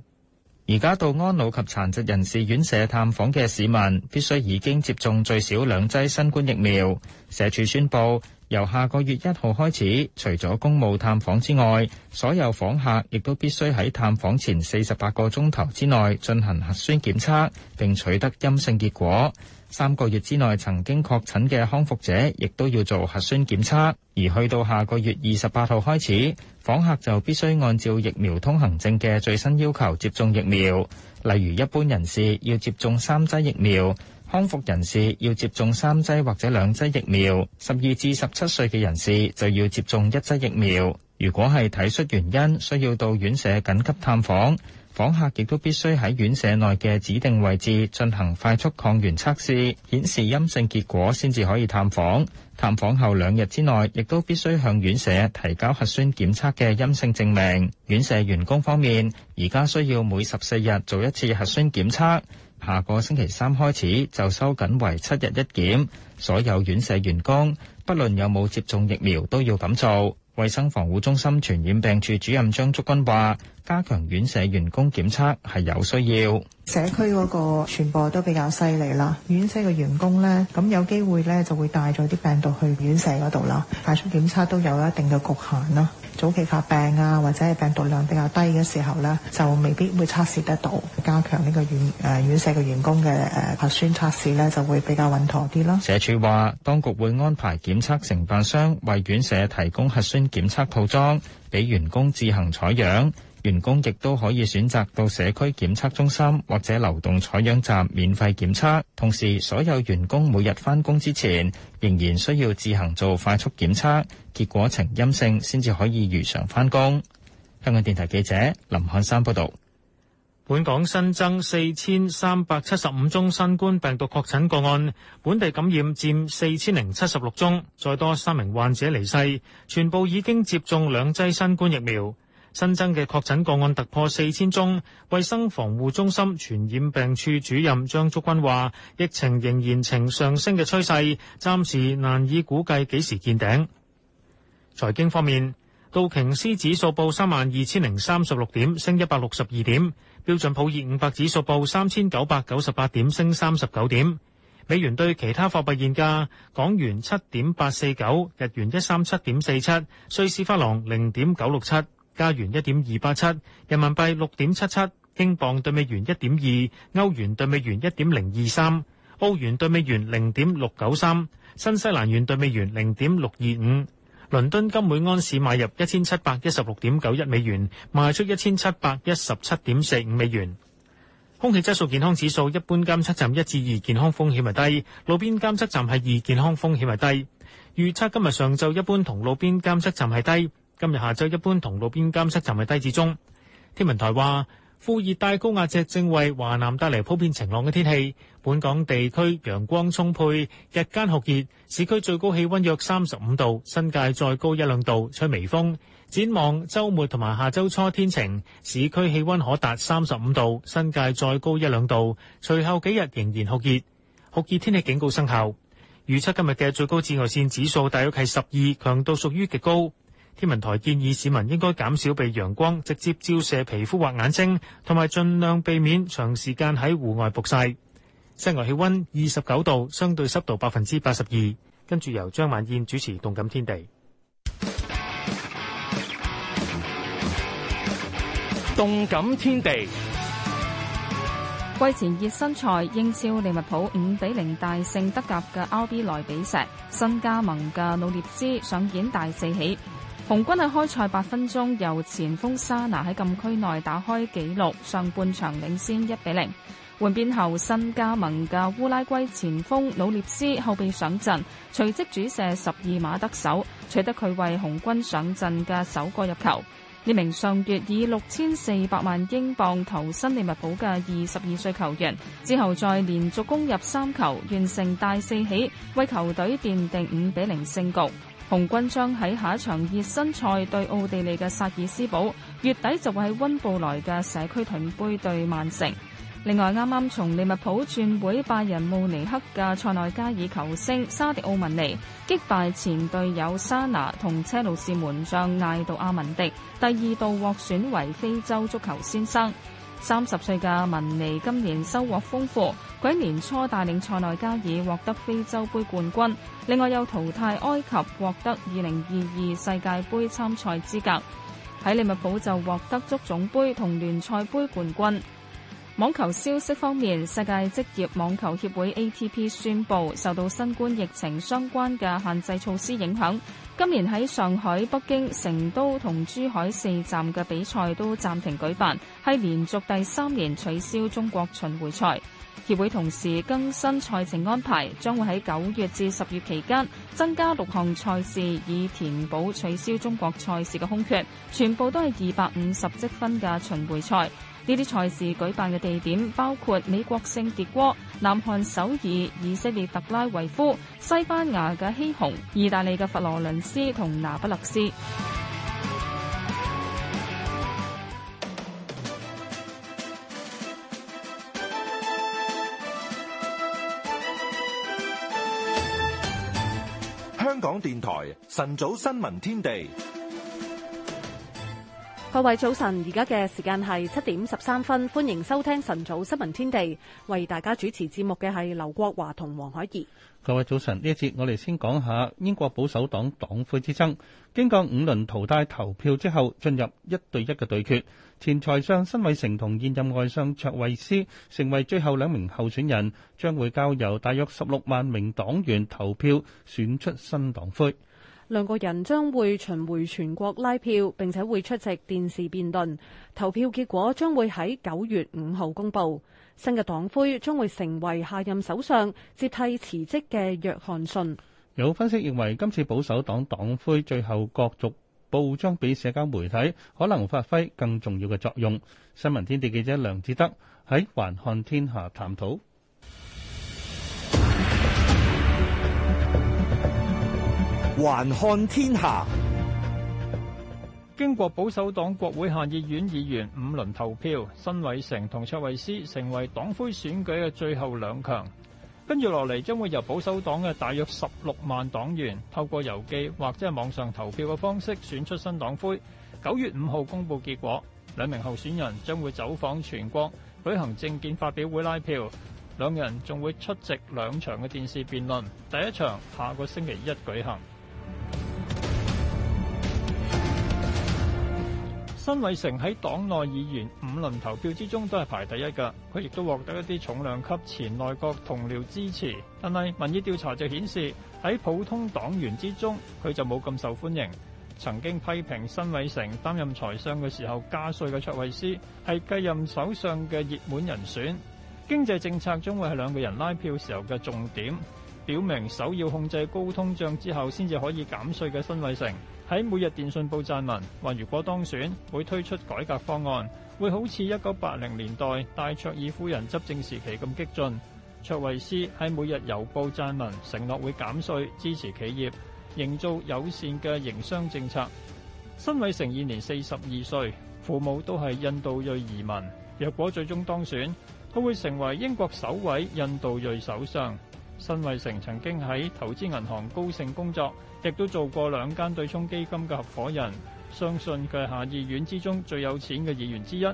而家到安老及殘疾人士院舍探訪嘅市民，必須已經接種最少兩劑新冠疫苗。社署宣布。由下個月一號開始，除咗公務探訪之外，所有訪客亦都必須喺探訪前四十八個鐘頭之內進行核酸檢測，並取得陰性結果。三個月之內曾經確診嘅康復者，亦都要做核酸檢測。而去到下個月二十八號開始，訪客就必須按照疫苗通行證嘅最新要求接種疫苗，例如一般人士要接種三劑疫苗。康復人士要接種三劑或者兩劑疫苗，十二至十七歲嘅人士就要接種一劑疫苗。如果係體恤原因，需要到院舍緊急探訪，訪客亦都必須喺院舍內嘅指定位置進行快速抗原測試，顯示陰性結果先至可以探訪。探訪後兩日之內，亦都必須向院舍提交核酸檢測嘅陰性證明。院舍員工方面，而家需要每十四日做一次核酸檢測。下個星期三開始就收緊為七日一檢，所有院舍員工不論有冇接種疫苗都要咁做。衛生防護中心傳染病處主任張竹君話，加強院舍員工檢測係有需要。社區嗰個傳播都比較犀利啦，院舍嘅員工咧，咁有機會咧就會帶咗啲病毒去院舍嗰度啦。快速檢測都有一定嘅局限咯。早期發病啊，或者係病毒量比較低嘅時候咧，就未必會測試得到。加強呢個院誒、呃、院舍嘅員工嘅誒、呃、核酸測試咧，就會比較穩妥啲咯。社署話，當局會安排檢測承辦商為院舍提供核酸檢測套裝，俾員工自行採樣。員工亦都可以選擇到社區檢測中心或者流動採樣站免費檢測，同時所有員工每日返工之前仍然需要自行做快速檢測，結果呈陰性先至可以如常返工。香港電台記者林漢山報道。本港新增四千三百七十五宗新冠病毒確診個案，本地感染佔四千零七十六宗，再多三名患者離世，全部已經接種兩劑新冠疫苗。新增嘅確診個案突破四千宗，衛生防護中心傳染病處主任張竹君話，疫情仍然呈上升嘅趨勢，暫時難以估計幾時見頂。財經方面，道瓊斯指數報三萬二千零三十六點，升一百六十二點；標準普爾五百指數報三千九百九十八點，升三十九點。美元對其他貨幣現價：港元七點八四九，日元一三七點四七，瑞士法郎零點九六七。加元一點二八七，7, 人民幣六點七七，英鎊兌美元一點二，歐元兌美元一點零二三，澳元兌美元零點六九三，新西蘭元兌美元零點六二五。倫敦金每安士買入一千七百一十六點九一美元，賣出一千七百一十七點四五美元。空氣質素健康指數，一般監測站一至二健康風險係低，路邊監測站係二健康風險係低。預測今日上晝一般同路邊監測站係低。今日下晝一般同路邊監測站係低至中。天文台話，副熱帶高壓脊正為華南帶嚟普遍晴朗嘅天氣。本港地區陽光充沛，日間酷熱，市區最高氣溫約三十五度，新界再高一兩度，吹微風。展望周末同埋下周初天晴，市區氣溫可達三十五度，新界再高一兩度。隨後幾日仍然酷熱，酷熱天氣警告生效。預測今日嘅最高紫外線指數大約係十二，強度屬於極高。天文台建議市民應該減少被陽光直接照射皮膚或眼睛，同埋盡量避免長時間喺戶外曝曬。室外氣温二十九度，相對濕度百分之八十二。跟住由張曼燕主持《動感天地》。動感天地季前熱身賽，英超利物浦五比零大勝德甲嘅 RB 萊比錫，新加盟嘅努涅茲上演大四喜。紅軍喺開賽八分鐘，由前鋒沙拿喺禁區內打開紀錄，上半場領先一比零。換邊後，新加盟嘅烏拉圭前鋒努涅斯後備上陣，隨即主射十二碼得手，取得佢為紅軍上陣嘅首個入球。呢名上月以六千四百萬英鎊投身利物浦嘅二十二歲球員，之後再連續攻入三球，完成大四喜，為球隊奠定五比零勝局。紅軍將喺下一場熱身賽對奧地利嘅薩爾斯堡，月底就會喺温布萊嘅社區盾杯對曼城。另外，啱啱從利物浦轉會拜仁慕尼黑嘅塞內加爾球星沙迪奧文尼擊敗前隊友沙拿同車路士門將艾杜阿文迪，第二度獲選為非洲足球先生。三十歲嘅文尼今年收穫豐富，佢年初帶領塞內加爾獲得非洲盃冠軍，另外又淘汰埃及獲得二零二二世界盃參賽資格。喺利物浦就獲得足總盃同聯賽盃冠軍。網球消息方面，世界職業網球協會 ATP 宣佈，受到新冠疫情相關嘅限制措施影響。今年喺上海、北京、成都同珠海四站嘅比賽都暫停舉辦，係連續第三年取消中國巡迴賽。協會同時更新賽程安排，將會喺九月至十月期間增加六項賽事，以填補取消中國賽事嘅空缺。全部都係二百五十積分嘅巡迴賽。呢啲賽事舉辦嘅地點包括美國聖迭戈、南韓首爾、以色列特拉維夫、西班牙嘅希洪、意大利嘅佛羅倫斯同拿不勒斯。香港電台晨早新聞天地。各位早晨，而家嘅時間係七點十三分，歡迎收聽晨早新聞天地。為大家主持節目嘅係劉國華同黃海怡。各位早晨，呢一節我哋先講下英國保守黨黨魁之爭。經過五輪淘汰投票之後，進入一對一嘅對決。前財相辛偉誠同現任外相卓慧思成為最後兩名候選人，將會交由大約十六萬名黨員投票選出新黨魁。兩個人將會巡迴全國拉票，並且會出席電視辯論。投票結果將會喺九月五號公佈。新嘅黨魁將會成為下任首相，接替辭職嘅約翰遜。有分析認為，今次保守黨黨魁最後角逐報章比社交媒體，可能發揮更重要嘅作用。新聞天地記者梁志德喺環看天下探討。談討環看天下，經過保守黨國會下議院議員五輪投票，辛偉誠同卓慧思成為黨魁選舉嘅最後兩強。跟住落嚟，將會由保守黨嘅大約十六萬黨員透過郵寄或者係網上投票嘅方式選出新黨魁。九月五號公佈結果，兩名候選人將會走訪全國舉行政見發表會拉票，兩人仲會出席兩場嘅電視辯論，第一場下個星期一舉行。新偉成喺黨內議員五輪投票之中都係排第一噶，佢亦都獲得一啲重量級前內閣同僚支持。但係民意調查就顯示喺普通黨員之中，佢就冇咁受歡迎。曾經批評新偉成擔任財相嘅時候加稅嘅卓慧思係繼任首相嘅熱門人選。經濟政策將會係兩個人拉票時候嘅重點，表明首要控制高通脹之後，先至可以減稅嘅新偉成，喺每日電訊報撰文，話如果當選，會推出改革方案，會好似一九八零年代戴卓爾夫人執政時期咁激進。卓維斯喺每日郵報撰文，承諾會減稅，支持企業，營造友善嘅營商政策。辛偉誠現年四十二歲，父母都係印度裔移民。若果最終當選，佢會成為英國首位印度裔首相。辛偉誠曾經喺投資銀行高盛工作，亦都做過兩間對沖基金嘅合夥人。相信佢係下議院之中最有錢嘅議員之一。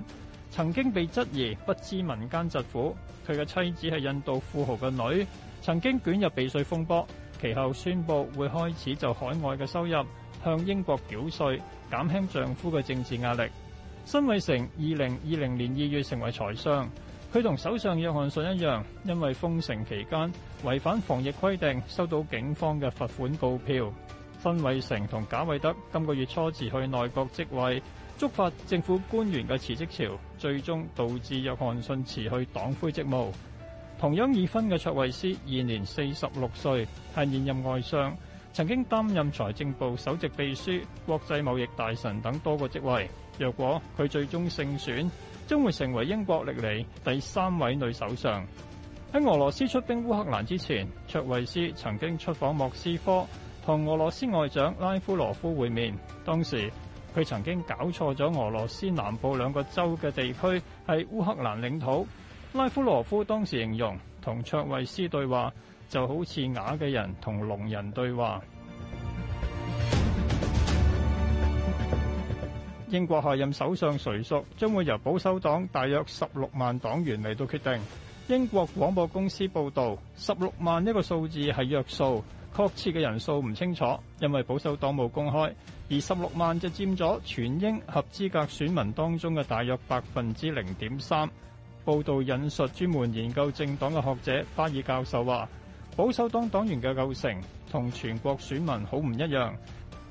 曾經被質疑不知民間疾苦，佢嘅妻子係印度富豪嘅女，曾經捲入避稅風波。其後宣布會開始就海外嘅收入向英國繳稅，減輕丈夫嘅政治壓力。辛偉誠二零二零年二月成為財相。佢同首相約翰遜一樣，因為封城期間違反防疫規定，收到警方嘅罰款告票。辛偉誠同賈偉德今個月初辭去內閣職位，觸發政府官員嘅辭職潮，最終導致約翰遜辭去黨魁職務。同樣已婚嘅卓慧斯，現年四十六歲，係現任外相，曾經擔任財政部首席秘書、國際貿易大臣等多個職位。若果佢最終勝選，將會成為英國歷來第三位女首相。喺俄羅斯出兵烏克蘭之前，卓慧思曾經出訪莫斯科，同俄羅斯外長拉夫羅夫會面。當時佢曾經搞錯咗俄羅斯南部兩個州嘅地區係烏克蘭領土。拉夫羅夫當時形容同卓慧思對話就好似啞嘅人同聾人對話。英國下任首相誰屬，將會由保守黨大約十六萬黨員嚟到決定。英國廣播公司報道，十六萬呢個數字係約數，確切嘅人數唔清楚，因為保守黨冇公開。而十六萬就佔咗全英合資格選民當中嘅大約百分之零點三。報道引述專門研究政黨嘅學者巴爾教授話，保守黨黨員嘅構成同全國選民好唔一樣。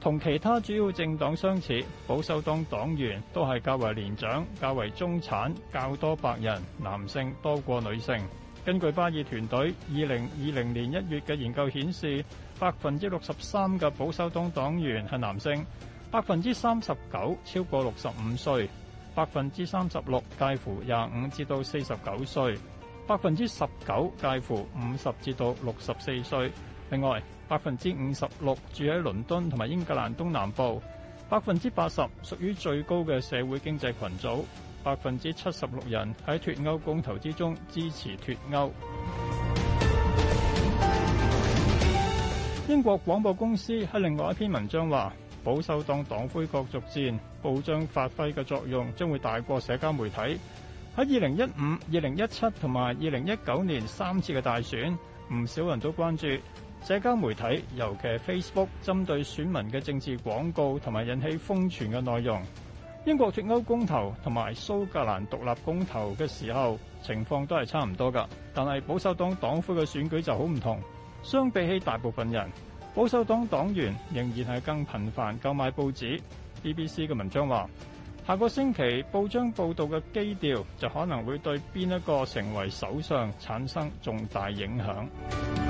同其他主要政黨相似，保守黨黨員都係較為年長，較為中產，較多白人、男性多過女性。根據巴爾團隊二零二零年一月嘅研究顯示，百分之六十三嘅保守黨黨員係男性，百分之三十九超過六十五歲，百分之三十六介乎廿五至到四十九歲，百分之十九介乎五十至到六十四歲。另外，百分之五十六住喺倫敦同埋英格蘭東南部，百分之八十屬於最高嘅社會經濟群組，百分之七十六人喺脱歐公投之中支持脱歐。英國廣播公司喺另外一篇文章話：保守黨黨魁角逐戰，報章發揮嘅作用將會大過社交媒體。喺二零一五、二零一七同埋二零一九年三次嘅大選，唔少人都關注。社交媒體，尤其係 Facebook 針對選民嘅政治廣告同埋引起瘋傳嘅內容，英國脱歐公投同埋蘇格蘭獨立公投嘅時候，情況都係差唔多噶。但係保守黨黨魁嘅選舉就好唔同。相比起大部分人，保守黨黨員仍然係更頻繁購買報紙。BBC 嘅文章話：下個星期報章報道嘅基調，就可能會對邊一個成為首相產生重大影響。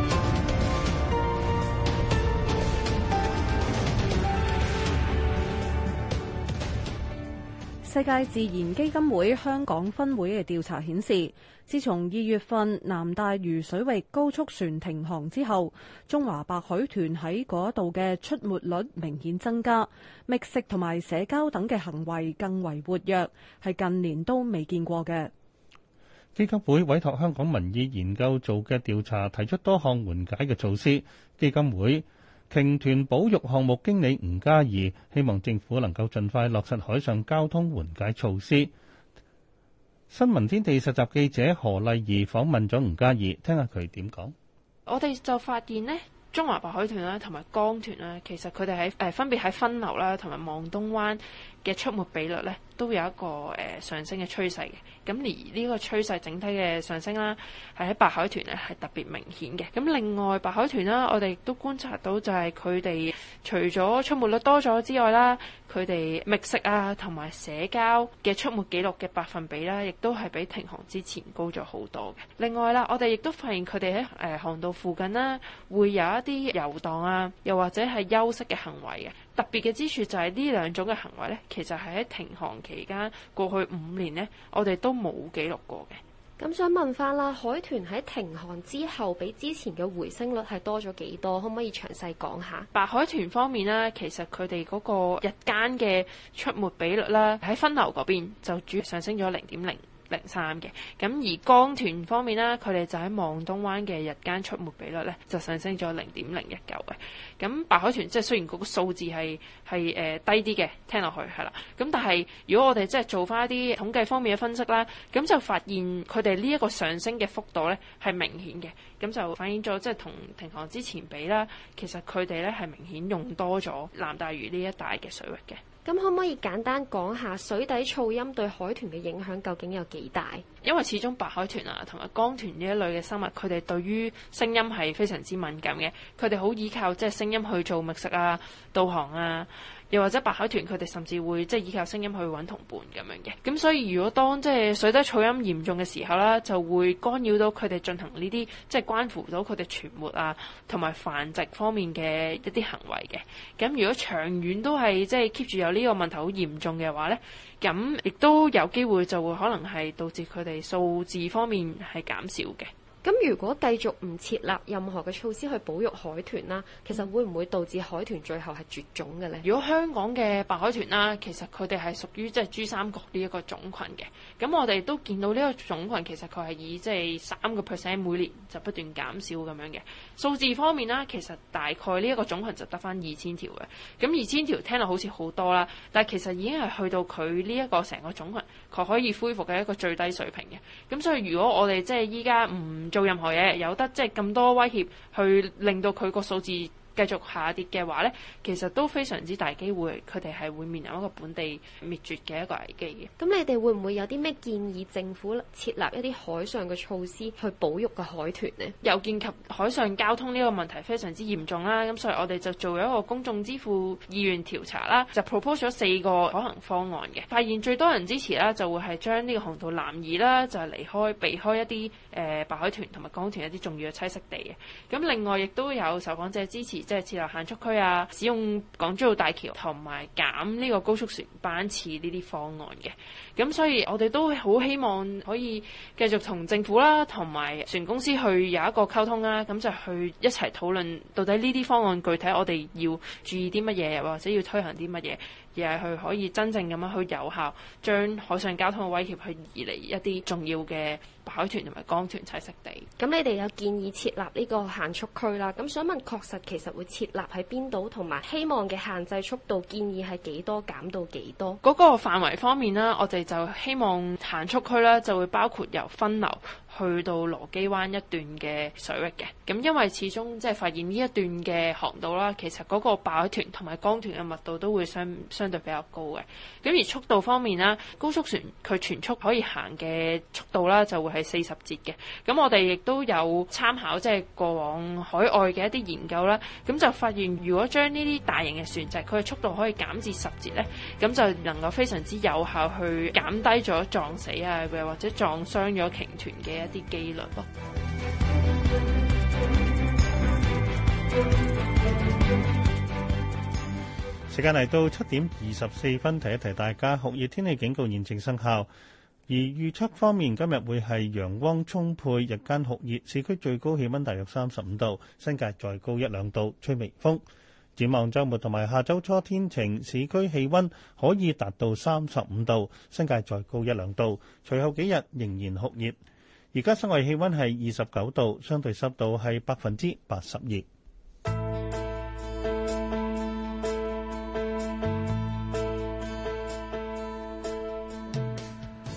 世界自然基金會香港分會嘅調查顯示，自從二月份南大嶼水域高速船停航之後，中華白海豚喺嗰度嘅出沒率明顯增加，覓食同埋社交等嘅行為更為活躍，係近年都未見過嘅。基金會委託香港民意研究做嘅調查，提出多項緩解嘅措施。基金會。鯨豚保育項目經理吳嘉儀希望政府能夠盡快落實海上交通緩解措施。新聞天地實習記者何麗儀訪問咗吳嘉儀，聽下佢點講。我哋就發現呢，中華白海豚啦，同埋江豚啦，其實佢哋喺誒分別喺分流啦，同埋望東灣。嘅出沒比率咧，都有一個誒、呃、上升嘅趨勢嘅。咁而呢個趨勢整體嘅上升啦，係喺白海豚咧係特別明顯嘅。咁另外白海豚啦，我哋亦都觀察到就係佢哋除咗出沒率多咗之外啦，佢哋覓食啊同埋社交嘅出沒記錄嘅百分比啦，亦都係比停航之前高咗好多嘅。另外啦，我哋亦都發現佢哋喺誒航道附近啦，會有一啲遊蕩啊，又或者係休息嘅行為嘅。特別嘅之處就係呢兩種嘅行為呢，其實係喺停航期間，過去五年呢，我哋都冇記錄過嘅。咁想問返啦，海豚喺停航之後，比之前嘅回升率係多咗幾多？可唔可以詳細講下？白海豚方面呢，其實佢哋嗰個日間嘅出沒比率啦，喺分流嗰邊就主要上升咗零點零零三嘅，咁而江豚方面咧，佢哋就喺望東灣嘅日間出沒比率呢，就上升咗零點零一九嘅。咁白海豚即係雖然嗰個數字係係誒低啲嘅，聽落去係啦。咁但係如果我哋即係做翻一啲統計方面嘅分析啦，咁就發現佢哋呢一個上升嘅幅度呢係明顯嘅。咁就反映咗即係同停航之前比啦，其實佢哋呢係明顯用多咗南大嶼呢一帶嘅水域嘅。咁可唔可以簡單講下水底噪音對海豚嘅影響究竟有幾大？因為始終白海豚啊，同埋江豚呢一類嘅生物，佢哋對於聲音係非常之敏感嘅，佢哋好依靠即係聲音去做覓食啊、導航啊。又或者白海豚，佢哋甚至會即係依靠聲音去揾同伴咁樣嘅。咁所以如果當即係水底噪音嚴重嘅時候啦，就會干擾到佢哋進行呢啲即係關乎到佢哋存活啊同埋繁殖方面嘅一啲行為嘅。咁如果長遠都係即係 keep 住有呢個問題好嚴重嘅話呢，咁亦都有機會就會可能係導致佢哋數字方面係減少嘅。咁如果繼續唔設立任何嘅措施去保育海豚啦，其實會唔會導致海豚最後係絕種嘅呢？如果香港嘅白海豚啦，其實佢哋係屬於即係珠三角呢一個種群嘅。咁我哋都見到呢一個種群，其實佢係以即係三個 percent 每年就不斷減少咁樣嘅數字方面啦。其實大概呢一個種群就得返二千條嘅。咁二千條聽落好似好多啦，但係其實已經係去到佢呢一個成個種群。佢可以恢復嘅一個最低水平嘅，咁所以如果我哋即係依家唔做任何嘢，有得即係咁多威脅去令到佢個數字，繼續下跌嘅話呢，其實都非常之大機會，佢哋係會面臨一個本地滅絕嘅一個危機嘅。咁你哋會唔會有啲咩建議政府設立一啲海上嘅措施去保育個海豚呢？又見及海上交通呢個問題非常之嚴重啦，咁所以我哋就做咗一個公眾支付意願調查啦，就 propose 咗四個可行方案嘅，發現最多人支持啦，就會係將呢個航道南移啦，就係離開、避開一啲誒、呃、白海豚同埋江豚一啲重要嘅棲息地嘅。咁另外亦都有受訪者支持。即係設立限速區啊，使用港珠澳大橋同埋減呢個高速船班次呢啲方案嘅，咁所以我哋都好希望可以繼續同政府啦，同埋船公司去有一個溝通啦，咁就去一齊討論到底呢啲方案具體我哋要注意啲乜嘢，或者要推行啲乜嘢。而係佢可以真正咁樣去有效將海上交通嘅威脅去移離一啲重要嘅海豚同埋江豚棲息地。咁你哋有建議設立呢個限速區啦。咁想問，確實其實會設立喺邊度同埋希望嘅限制速度建議係幾多減到幾多？嗰個範圍方面啦，我哋就希望限速區啦就會包括由分流。去到羅基灣一段嘅水域嘅，咁因為始終即係發現呢一段嘅航道啦，其實嗰個爆豚同埋江豚嘅密度都會相相對比較高嘅。咁而速度方面啦，高速船佢全速可以行嘅速度啦，就會係四十節嘅。咁我哋亦都有參考即係、就是、過往海外嘅一啲研究啦，咁就發現如果將呢啲大型嘅船隻，佢嘅速度可以減至十節呢，咁就能夠非常之有效去減低咗撞死啊，或者撞傷咗鯨豚嘅。一啲機率咯。時間嚟到七點二十四分，提一提大家，酷熱天氣警告現正生效。而預測方面，今日會係陽光充沛，日間酷熱，市區最高氣温大約三十五度，新界再高一兩度，吹微風。展望週末同埋下周初天晴，市區氣温可以達到三十五度，新界再高一兩度。隨後幾日仍然酷熱。而家室外氣溫係二十九度，相對濕度係百分之八十二。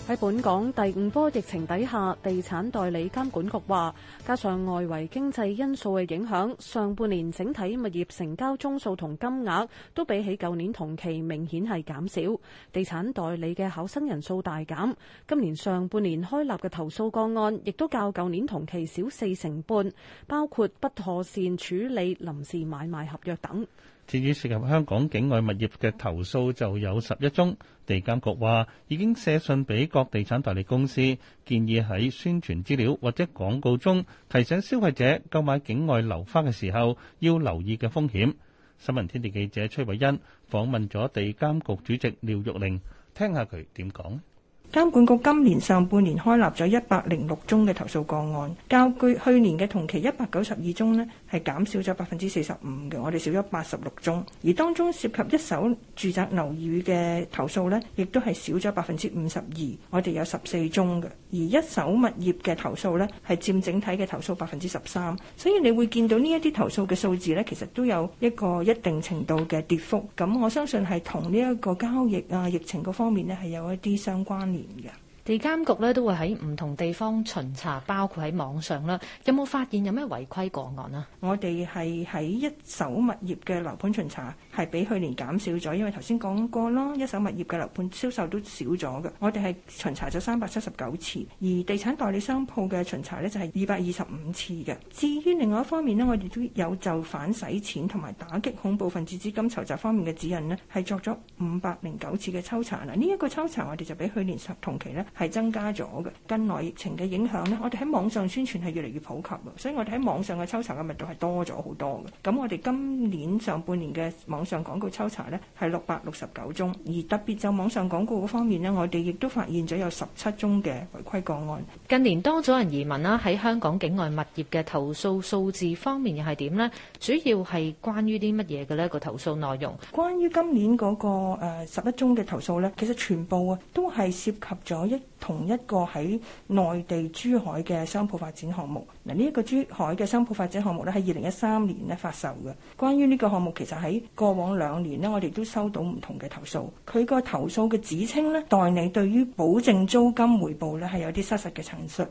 喺本港第五波疫情底下，地產代理監管局話，加上外圍經濟因素嘅影響，上半年整體物業成交宗數同金額都比起舊年同期明顯係減少。地產代理嘅考生人數大減，今年上半年開立嘅投訴個案亦都較舊年同期少四成半，包括不妥善處理臨時買賣合約等。至於涉及香港境外物業嘅投訴就有十一宗，地監局話已經寫信俾各地產代理公司，建議喺宣傳資料或者廣告中提醒消費者購買境外樓花嘅時候要留意嘅風險。新聞天地記者崔偉欣訪問咗地監局主席廖玉玲，聽下佢點講。監管局今年上半年開立咗一百零六宗嘅投訴個案，較居去年嘅同期一百九十二宗呢係減少咗百分之四十五嘅。我哋少咗八十六宗，而當中涉及一手住宅樓宇嘅投訴呢亦都係少咗百分之五十二。我哋有十四宗嘅，而一手物業嘅投訴呢係佔整體嘅投訴百分之十三。所以你會見到呢一啲投訴嘅數字呢，其實都有一個一定程度嘅跌幅。咁我相信係同呢一個交易啊、疫情嗰方面呢係有一啲相關的。地監局咧都會喺唔同地方巡查，包括喺網上啦。有冇發現有咩違規個案啊？我哋係喺一手物業嘅樓盤巡查。係比去年減少咗，因為頭先講過啦，一手物業嘅樓盤銷售都少咗嘅。我哋係巡查咗三百七十九次，而地產代理商鋪嘅巡查呢就係二百二十五次嘅。至於另外一方面呢，我哋都有就反洗錢同埋打擊恐怖分子資金籌集方面嘅指引，呢係作咗五百零九次嘅抽查啦。呢一個抽查我哋就比去年同期呢係增加咗嘅。近來疫情嘅影響呢，我哋喺網上宣傳係越嚟越普及啊，所以我哋喺網上嘅抽查嘅密度係多咗好多嘅。咁我哋今年上半年嘅網上廣告抽查呢係六百六十九宗，而特別就網上廣告嘅方面呢，我哋亦都發現咗有十七宗嘅違規個案。近年多咗人移民啦，喺香港境外物業嘅投訴數字方面又係點呢？主要係關於啲乜嘢嘅呢個投訴內容？關於今年嗰個十一宗嘅投訴呢，其實全部啊都係涉及咗一同一個喺內地珠海嘅商鋪發展項目。嗱，呢一個珠海嘅商鋪發展項目呢，喺二零一三年呢發售嘅。關於呢個項目，其實喺個往兩年呢，我哋都收到唔同嘅投訴，佢個投訴嘅指稱呢，代理對於保證租金回報呢，係有啲失實嘅陳述，誒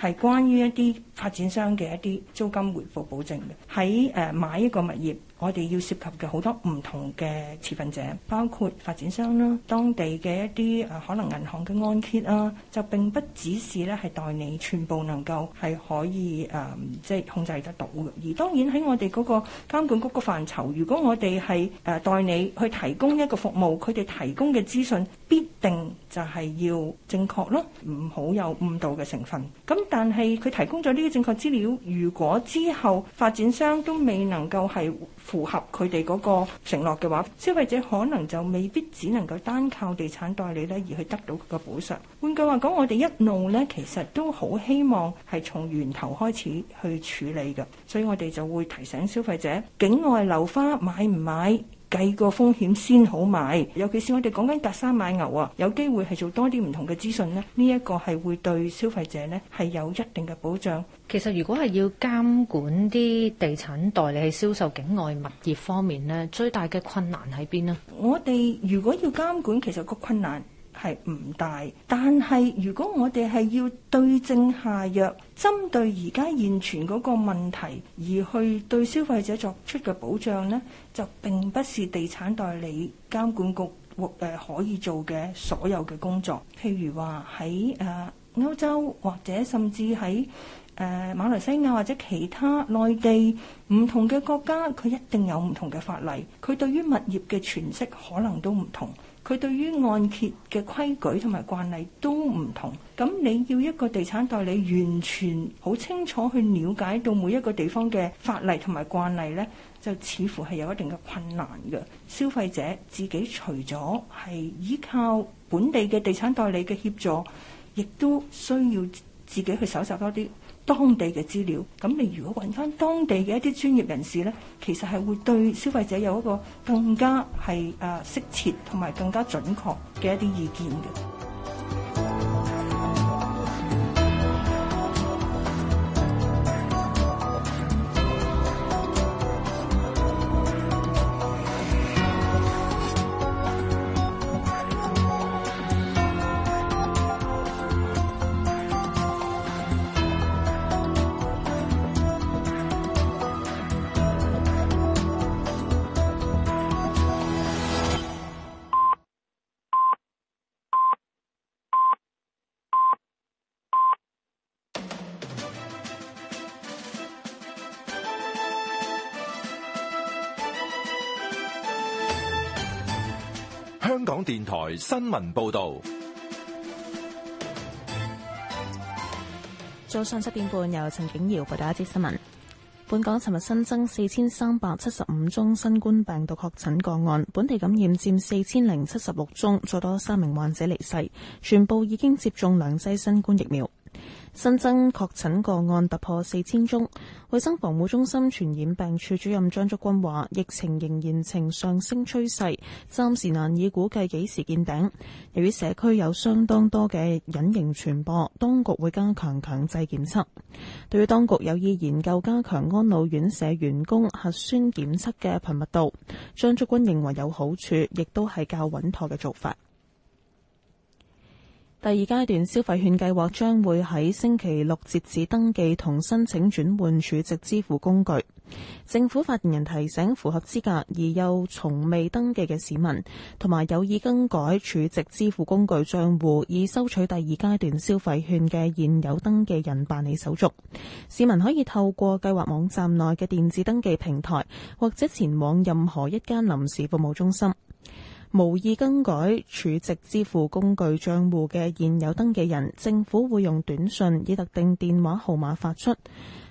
係關於一啲發展商嘅一啲租金回報保證嘅，喺誒買一個物業。我哋要涉及嘅好多唔同嘅持份者，包括發展商啦、當地嘅一啲誒可能銀行嘅按揭啊，就並不只是咧係代理全部能夠係可以誒即係控制得到嘅。而當然喺我哋嗰個監管局個範疇，如果我哋係誒代理去提供一個服務，佢哋提供嘅資訊必定就係要正確咯，唔好有誤導嘅成分。咁但係佢提供咗呢啲正確資料，如果之後發展商都未能夠係符合佢哋嗰個承諾嘅話，消費者可能就未必只能夠單靠地產代理咧，而去得到佢個補償，換句話講，我哋一怒一路咧，其實都好希望係從源頭開始去處理嘅，所以我哋就會提醒消費者境外流花買唔買，計個風險先好買，尤其是我哋講緊隔山買牛啊，有機會係做多啲唔同嘅資訊呢，呢一個係會對消費者呢係有一定嘅保障。其實如果係要監管啲地產代理喺銷售境外物業方面呢，最大嘅困難喺邊呢？我哋如果要監管，其實個困難。係唔大，但係如果我哋係要對症下藥，針對而家現存嗰個問題而去對消費者作出嘅保障呢，就並不是地產代理監管局可以做嘅所有嘅工作。譬如話喺誒歐洲或者甚至喺誒馬來西亞或者其他內地唔同嘅國家，佢一定有唔同嘅法例，佢對於物業嘅詮釋可能都唔同。佢對於按揭嘅規矩同埋慣例都唔同，咁你要一個地產代理完全好清楚去了解到每一個地方嘅法例同埋慣例呢，就似乎係有一定嘅困難嘅。消費者自己除咗係依靠本地嘅地產代理嘅協助，亦都需要自己去搜集多啲當地嘅資料，咁你如果揾返當地嘅一啲專業人士咧，其實係會對消費者有一個更加係啊適切同埋更加準確嘅一啲意見嘅。新聞報道。早上七點半，由陳景瑤報道一啲新聞。本港尋日新增四千三百七十五宗新冠病毒確診個案，本地感染佔四千零七十六宗，再多三名患者離世，全部已經接種兩劑新冠疫苗。新增確診個案突破四千宗，衛生防護中心傳染病處主任張竹君話：疫情仍然呈上升趨勢，暫時難以估計幾時見頂。由於社區有相當多嘅隱形傳播，當局會加強強制檢測。對於當局有意研究加強安老院舍員工核酸檢測嘅頻密度，張竹君認為有好處，亦都係較穩妥嘅做法。第二階段消費券計劃將會喺星期六截止登記同申請轉換儲值支付工具。政府發言人提醒符合資格而又從未登記嘅市民，同埋有意更改儲值支付工具賬戶以收取第二階段消費券嘅現有登記人辦理手續，市民可以透過計劃網站內嘅電子登記平台，或者前往任何一間臨時服務中心。無意更改儲值支付工具賬戶嘅現有登記人，政府會用短信以特定電話號碼發出，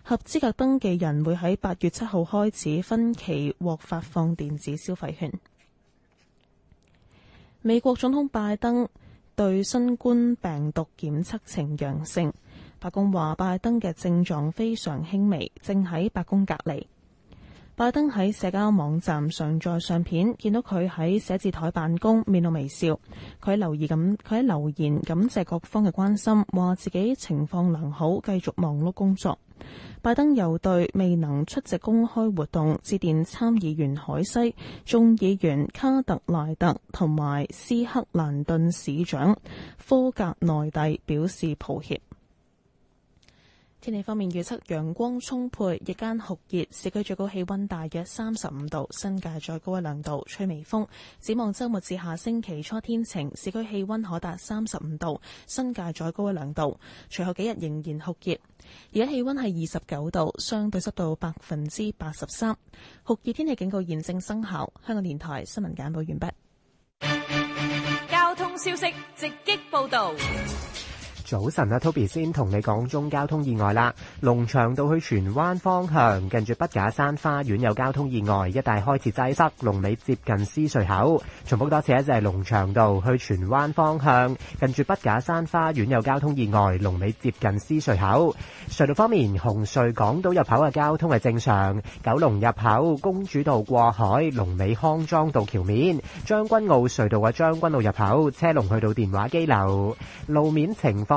合資格登記人會喺八月七號開始分期獲發放電子消費券。美國總統拜登對新冠病毒檢測呈陽性，白宮話拜登嘅症狀非常輕微，正喺白宮隔離。拜登喺社交網站上載相片，見到佢喺寫字台辦公，面露微笑。佢留言咁，佢喺留言感謝各方嘅關心，話自己情況良好，繼續忙碌工作。拜登又對未能出席公開活動致電參議員凱西、眾議員卡特萊特同埋斯克蘭頓市長科格內蒂表示抱歉。天氣方面預測陽光充沛，日間酷熱，市區最高氣溫大約三十五度，新界再高一兩度，吹微風。展望週末至下星期初天晴，市區氣溫可達三十五度，新界再高一兩度。隨後幾日仍然酷熱，而家氣溫係二十九度，相對濕度百分之八十三。酷熱天氣警告現正生效。香港電台新聞簡報完畢。交通消息直擊報道。早晨啊，Toby 先同你講中交通意外啦。龍翔道去荃灣方向，近住畢架山花園有交通意外，一帶開始擠塞，龍尾接近獅隧口。重複多次啊，就係龍翔道去荃灣方向，近住畢架山花園有交通意外，龍尾接近獅隧口。隧道方面，紅隧港島入口嘅交通係正常，九龍入口公主道過海，龍尾康莊道橋面，將軍澳隧道嘅將軍澳入口車龍去到電話機樓，路面情況。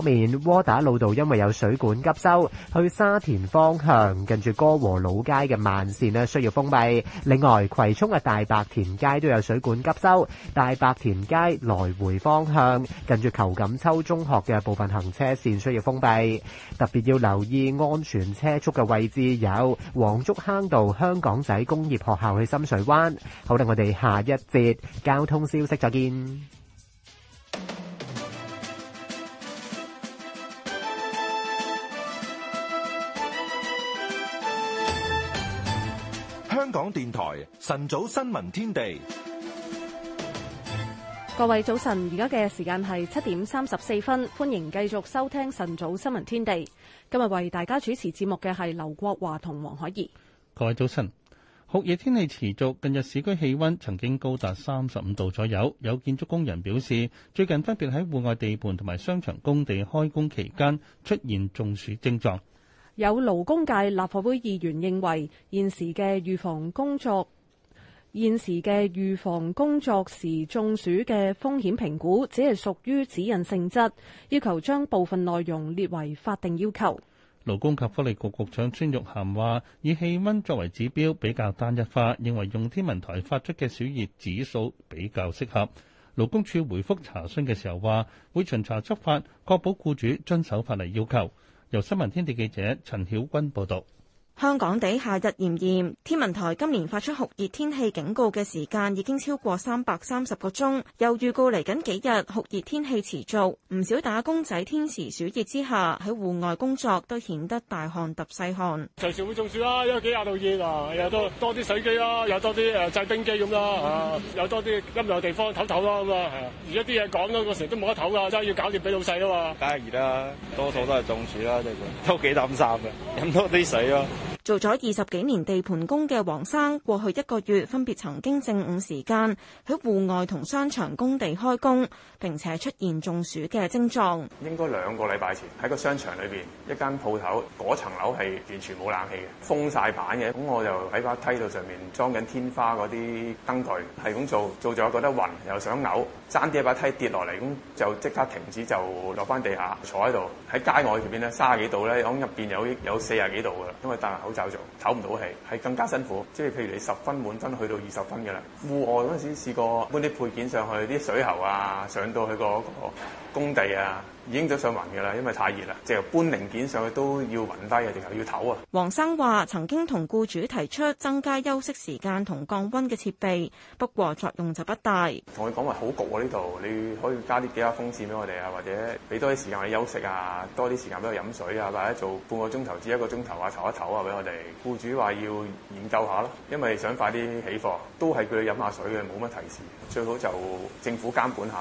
方面，窩打老道因為有水管急修，去沙田方向近住歌和老街嘅慢線呢，需要封閉。另外，葵涌嘅大白田街都有水管急修，大白田街來回方向近住裘錦秋中學嘅部分行車線需要封閉。特別要留意安全車速嘅位置有黃竹坑道香港仔工業學校去深水灣。好啦，我哋下一節交通消息再見。香港電台晨早新聞天地，各位早晨，而家嘅時間係七點三十四分，歡迎繼續收聽晨早新聞天地。今日為大家主持節目嘅係劉國華同黃海怡。各位早晨，酷熱天氣持續，近日市區氣溫曾經高達三十五度左右，有建築工人表示，最近分別喺戶外地盤同埋商場工地開工期間出現中暑症狀。有勞工界立法會議員認為，現時嘅預防工作，現時嘅預防工作時中暑嘅風險評估，只係屬於指引性質，要求將部分內容列為法定要求。勞工及福利局局長孫玉菡話：以氣温作為指標比較單一化，認為用天文台發出嘅暑熱指數比較適合。勞工處回覆查詢嘅時候話：會巡查執法，確保雇主遵守法例要求。由新聞天地記者陳曉君報道。香港地夏日炎炎，天文台今年發出酷熱天氣警告嘅時間已經超過三百三十個鐘，又預告嚟緊幾日酷熱天氣持續。唔少打工仔天時暑熱之下喺戶外工作都顯得大汗揼細汗。隨時會中暑啦，因為幾廿度熱啊！又多多啲水機啦，有多啲誒製冰機咁啦，吓又多啲陰涼地方唞唞啦咁啊！而家啲嘢講咯，個時都冇得唞噶，真係要搞掂俾老細啊嘛。梗係熱啦，多數都係中暑啦，都幾擔心嘅，飲多啲水咯。做咗二十幾年地盤工嘅黃生，過去一個月分別曾經正午時間喺戶外同商場工地開工，並且出現中暑嘅症狀。應該兩個禮拜前喺個商場裏面，一間鋪頭嗰層樓係完全冇冷氣嘅，封晒板嘅。咁我就喺把梯度上面裝緊天花嗰啲燈具，係咁做，做咗，覺得暈，又想嘔，爭啲一把梯跌落嚟，咁就即刻停止，就落翻地下坐喺度。喺街外面咧三十幾度咧，咁入面有有四十幾度㗎，因為戴口。做唞唔到氣，係更加辛苦。即係譬如你十分滿分去到二十分嘅啦。戶外嗰陣時試過搬啲配件上去，啲水喉啊，上到去，嗰個。工地啊，已經都上暈嘅啦，因為太熱啦，即係搬零件上去都要暈低嘅直頭要唞啊。黃生話曾經同雇主提出增加休息時間同降温嘅設備，不過作用就不大。同佢講話好焗喎呢度，你可以加啲幾架風扇俾我哋啊，或者俾多啲時間你休息啊，多啲時間俾佢飲水啊，或者做半個鐘頭至個、啊、一個鐘頭啊唞一唞啊俾我哋。雇主話要研究下咯，因為想快啲起貨，都係叫佢飲下水嘅，冇乜提示。最好就政府監管下。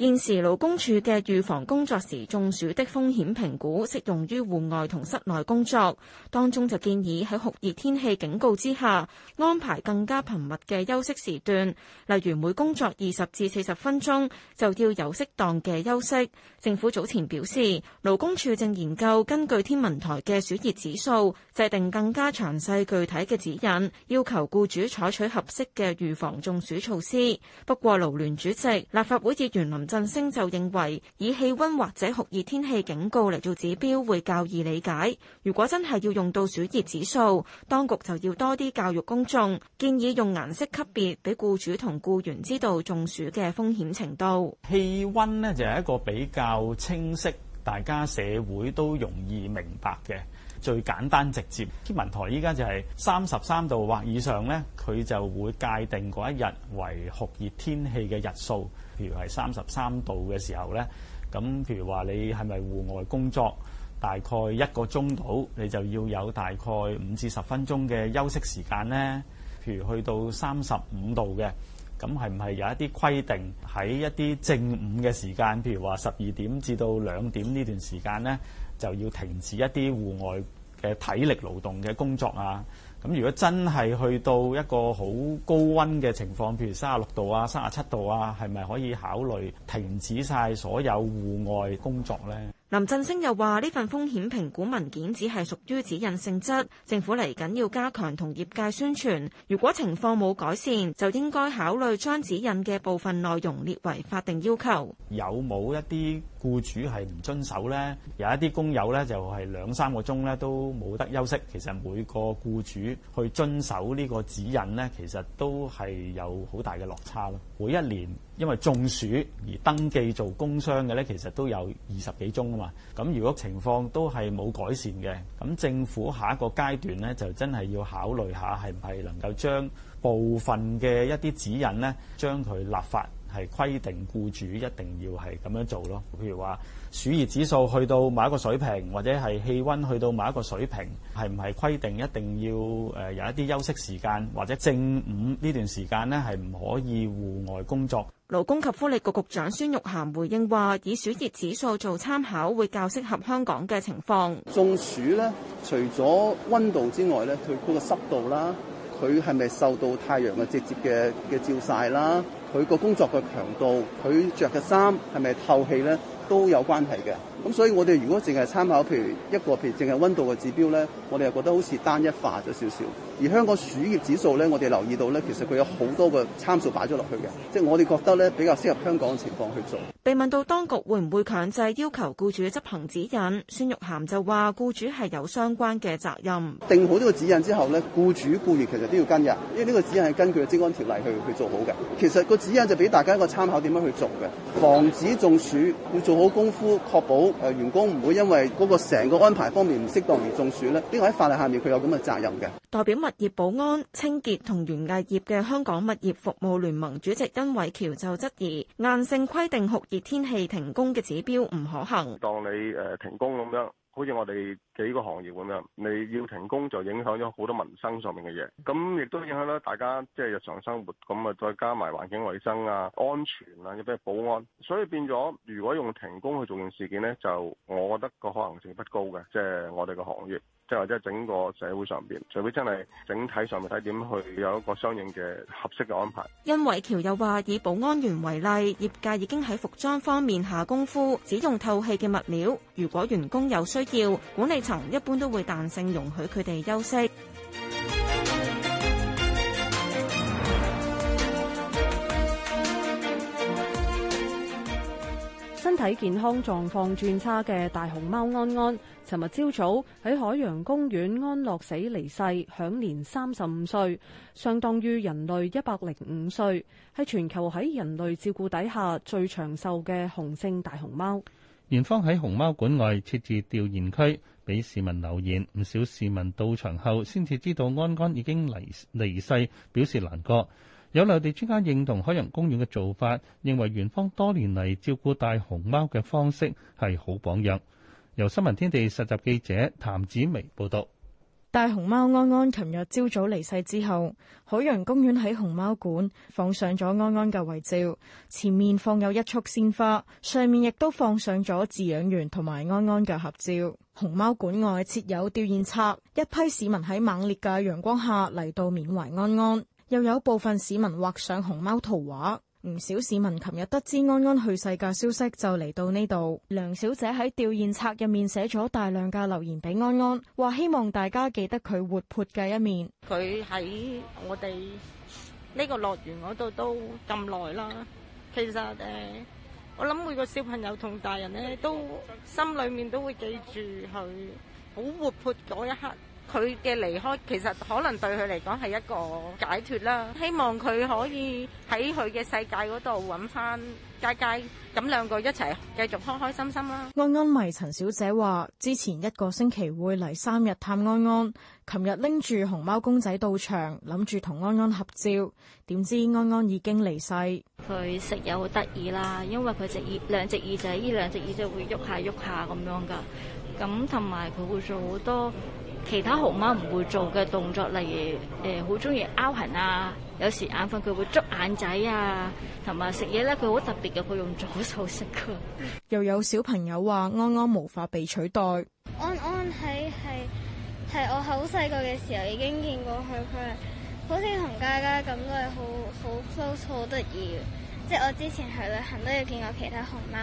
現時勞工處嘅預防工作時中暑的風險評估適用於戶外同室內工作，當中就建議喺酷熱天氣警告之下安排更加頻密嘅休息時段，例如每工作二十至四十分鐘就要有適當嘅休息。政府早前表示，勞工處正研究根據天文台嘅暑熱指數制定更加詳細具體嘅指引，要求僱主採取合適嘅預防中暑措施。不過，勞聯主席、立法會議員林振星就認為，以氣溫或者酷熱天氣警告嚟做指標會較易理解。如果真係要用到暑熱指數，當局就要多啲教育公眾，建議用顏色級別，俾僱主同僱員知道中暑嘅風險程度。氣溫呢就係一個比較清晰，大家社會都容易明白嘅最簡單直接。天文台依家就係三十三度或以上呢，佢就會界定嗰一日為酷熱天氣嘅日數。譬如係三十三度嘅時候呢，咁譬如話你係咪戶外工作大概一個鐘度，你就要有大概五至十分鐘嘅休息時間呢？譬如去到三十五度嘅，咁係唔係有一啲規定喺一啲正午嘅時間，譬如話十二點至到兩點呢段時間呢，就要停止一啲戶外嘅體力勞動嘅工作啊？咁如果真係去到一個好高温嘅情況，譬如三十六度啊、三十七度啊，係咪可以考慮停止晒所有戶外工作呢？林振星又話呢份風險評估文件只係屬於指引性質，政府嚟緊要加強同業界宣傳，如果情況冇改善，就應該考慮將指引嘅部分內容列為法定要求。有冇一啲僱主係唔遵守呢？有一啲工友呢就係兩三個鐘呢都冇得休息。其實每個僱主去遵守呢個指引呢，其實都係有好大嘅落差咯。每一年。因為中暑而登記做工傷嘅呢，其實都有二十幾宗啊嘛。咁如果情況都係冇改善嘅，咁政府下一個階段呢，就真係要考慮下係唔係能夠將部分嘅一啲指引呢，將佢立法係規定雇主一定要係咁樣做咯。譬如話，暑熱指數去到某一個水平，或者係氣溫去到某一個水平，係唔係規定一定要誒有一啲休息時間，或者正午呢段時間呢，係唔可以戶外工作？勞工及福利局局局長孫玉菡回應話，以暑熱指數做參考會較適合香港嘅情況。中暑咧，除咗溫度之外咧，佢嗰個濕度啦，佢係咪受到太陽嘅直接嘅嘅照曬啦？佢個工作嘅強度，佢着嘅衫係咪透氣咧？都有關係嘅，咁、嗯、所以我哋如果淨係參考譬如一個譬如淨係温度嘅指標咧，我哋又覺得好似單一化咗少少。而香港暑熱指數咧，我哋留意到咧，其實佢有好多個參數擺咗落去嘅，即係我哋覺得咧比較適合香港嘅情況去做。被問到當局會唔會強制要求雇主執行指引，孫玉涵就話：，雇主係有相關嘅責任。定好呢個指引之後咧，雇主僱員其實都要跟入，因為呢個指引係根據《職安條例》去去做好嘅。其實個指引就俾大家一個參考點樣去做嘅，防止中暑要做。冇功夫確保誒，員工唔會因為嗰個成個安排方面唔適當而中暑呢，呢個喺法例下面佢有咁嘅責任嘅。代表物業保安、清潔同園藝業嘅香港物業服務聯盟主席甄韋喬就質疑硬性規定酷熱天氣停工嘅指標唔可行，當你誒停工咁樣。好似我哋幾個行業咁樣，你要停工就影響咗好多民生上面嘅嘢，咁亦都影響到大家即係日常生活，咁啊再加埋環境衛生啊、安全啊，有啲保安，所以變咗如果用停工去做件事件呢，就我覺得個可能性不高嘅，即係我哋個行業。即係或者整個社會上面，除非真係整體上面睇點去有一個相應嘅合適嘅安排。殷偉橋又話：以保安員為例，業界已經喺服裝方面下功夫，只用透氣嘅物料。如果員工有需要，管理層一般都會彈性容許佢哋休息。身體健康狀況轉差嘅大熊貓安安。尋日朝早喺海洋公園安樂死離世，享年三十五歲，相當於人類一百零五歲，係全球喺人類照顧底下最長壽嘅雄性大熊貓。園方喺熊貓館外設置悼唁區，俾市民留言。唔少市民到場後先至知道安安已經離離世，表示難過。有內地專家認同海洋公園嘅做法，認為園方多年嚟照顧大熊貓嘅方式係好榜樣。由新聞天地實習記者譚子薇報道，大熊貓安安琴日朝早離世之後，海洋公園喺熊貓館放上咗安安嘅遺照，前面放有一束鮮花，上面亦都放上咗飼養員同埋安安嘅合照。熊貓館外設有吊唁冊，一批市民喺猛烈嘅陽光下嚟到緬懷安安，又有部分市民畫上熊貓圖畫。唔少市民琴日得知安安去世嘅消息，就嚟到呢度。梁小姐喺吊唁冊入面寫咗大量嘅留言俾安安，話希望大家記得佢活潑嘅一面。佢喺我哋呢個樂園嗰度都咁耐啦。其實誒，我諗每個小朋友同大人咧，都心裏面都會記住佢好活潑嗰一刻。佢嘅離開其實可能對佢嚟講係一個解脫啦。希望佢可以喺佢嘅世界嗰度揾翻佳佳，咁兩個一齊繼續開開心心啦。安安迷陳小姐話，之前一個星期會嚟三日探安安，琴日拎住熊貓公仔到場，諗住同安安合照，點知安安已經離世。佢食嘢好得意啦，因為佢隻耳，兩隻耳仔，呢兩隻耳仔會喐下喐下咁樣噶。咁同埋佢會做好多。其他熊貓唔會做嘅動作，例如誒好中意勾痕啊，有時眼瞓佢會捉眼仔啊，同埋食嘢咧佢好特別嘅，佢用左手食噶。又有小朋友話：安安無法被取代。安安喺係係我好細個嘅時候已經見過佢，佢好似同佳佳咁都係好好 close 好得意，即係我之前去旅行都有見過其他熊貓，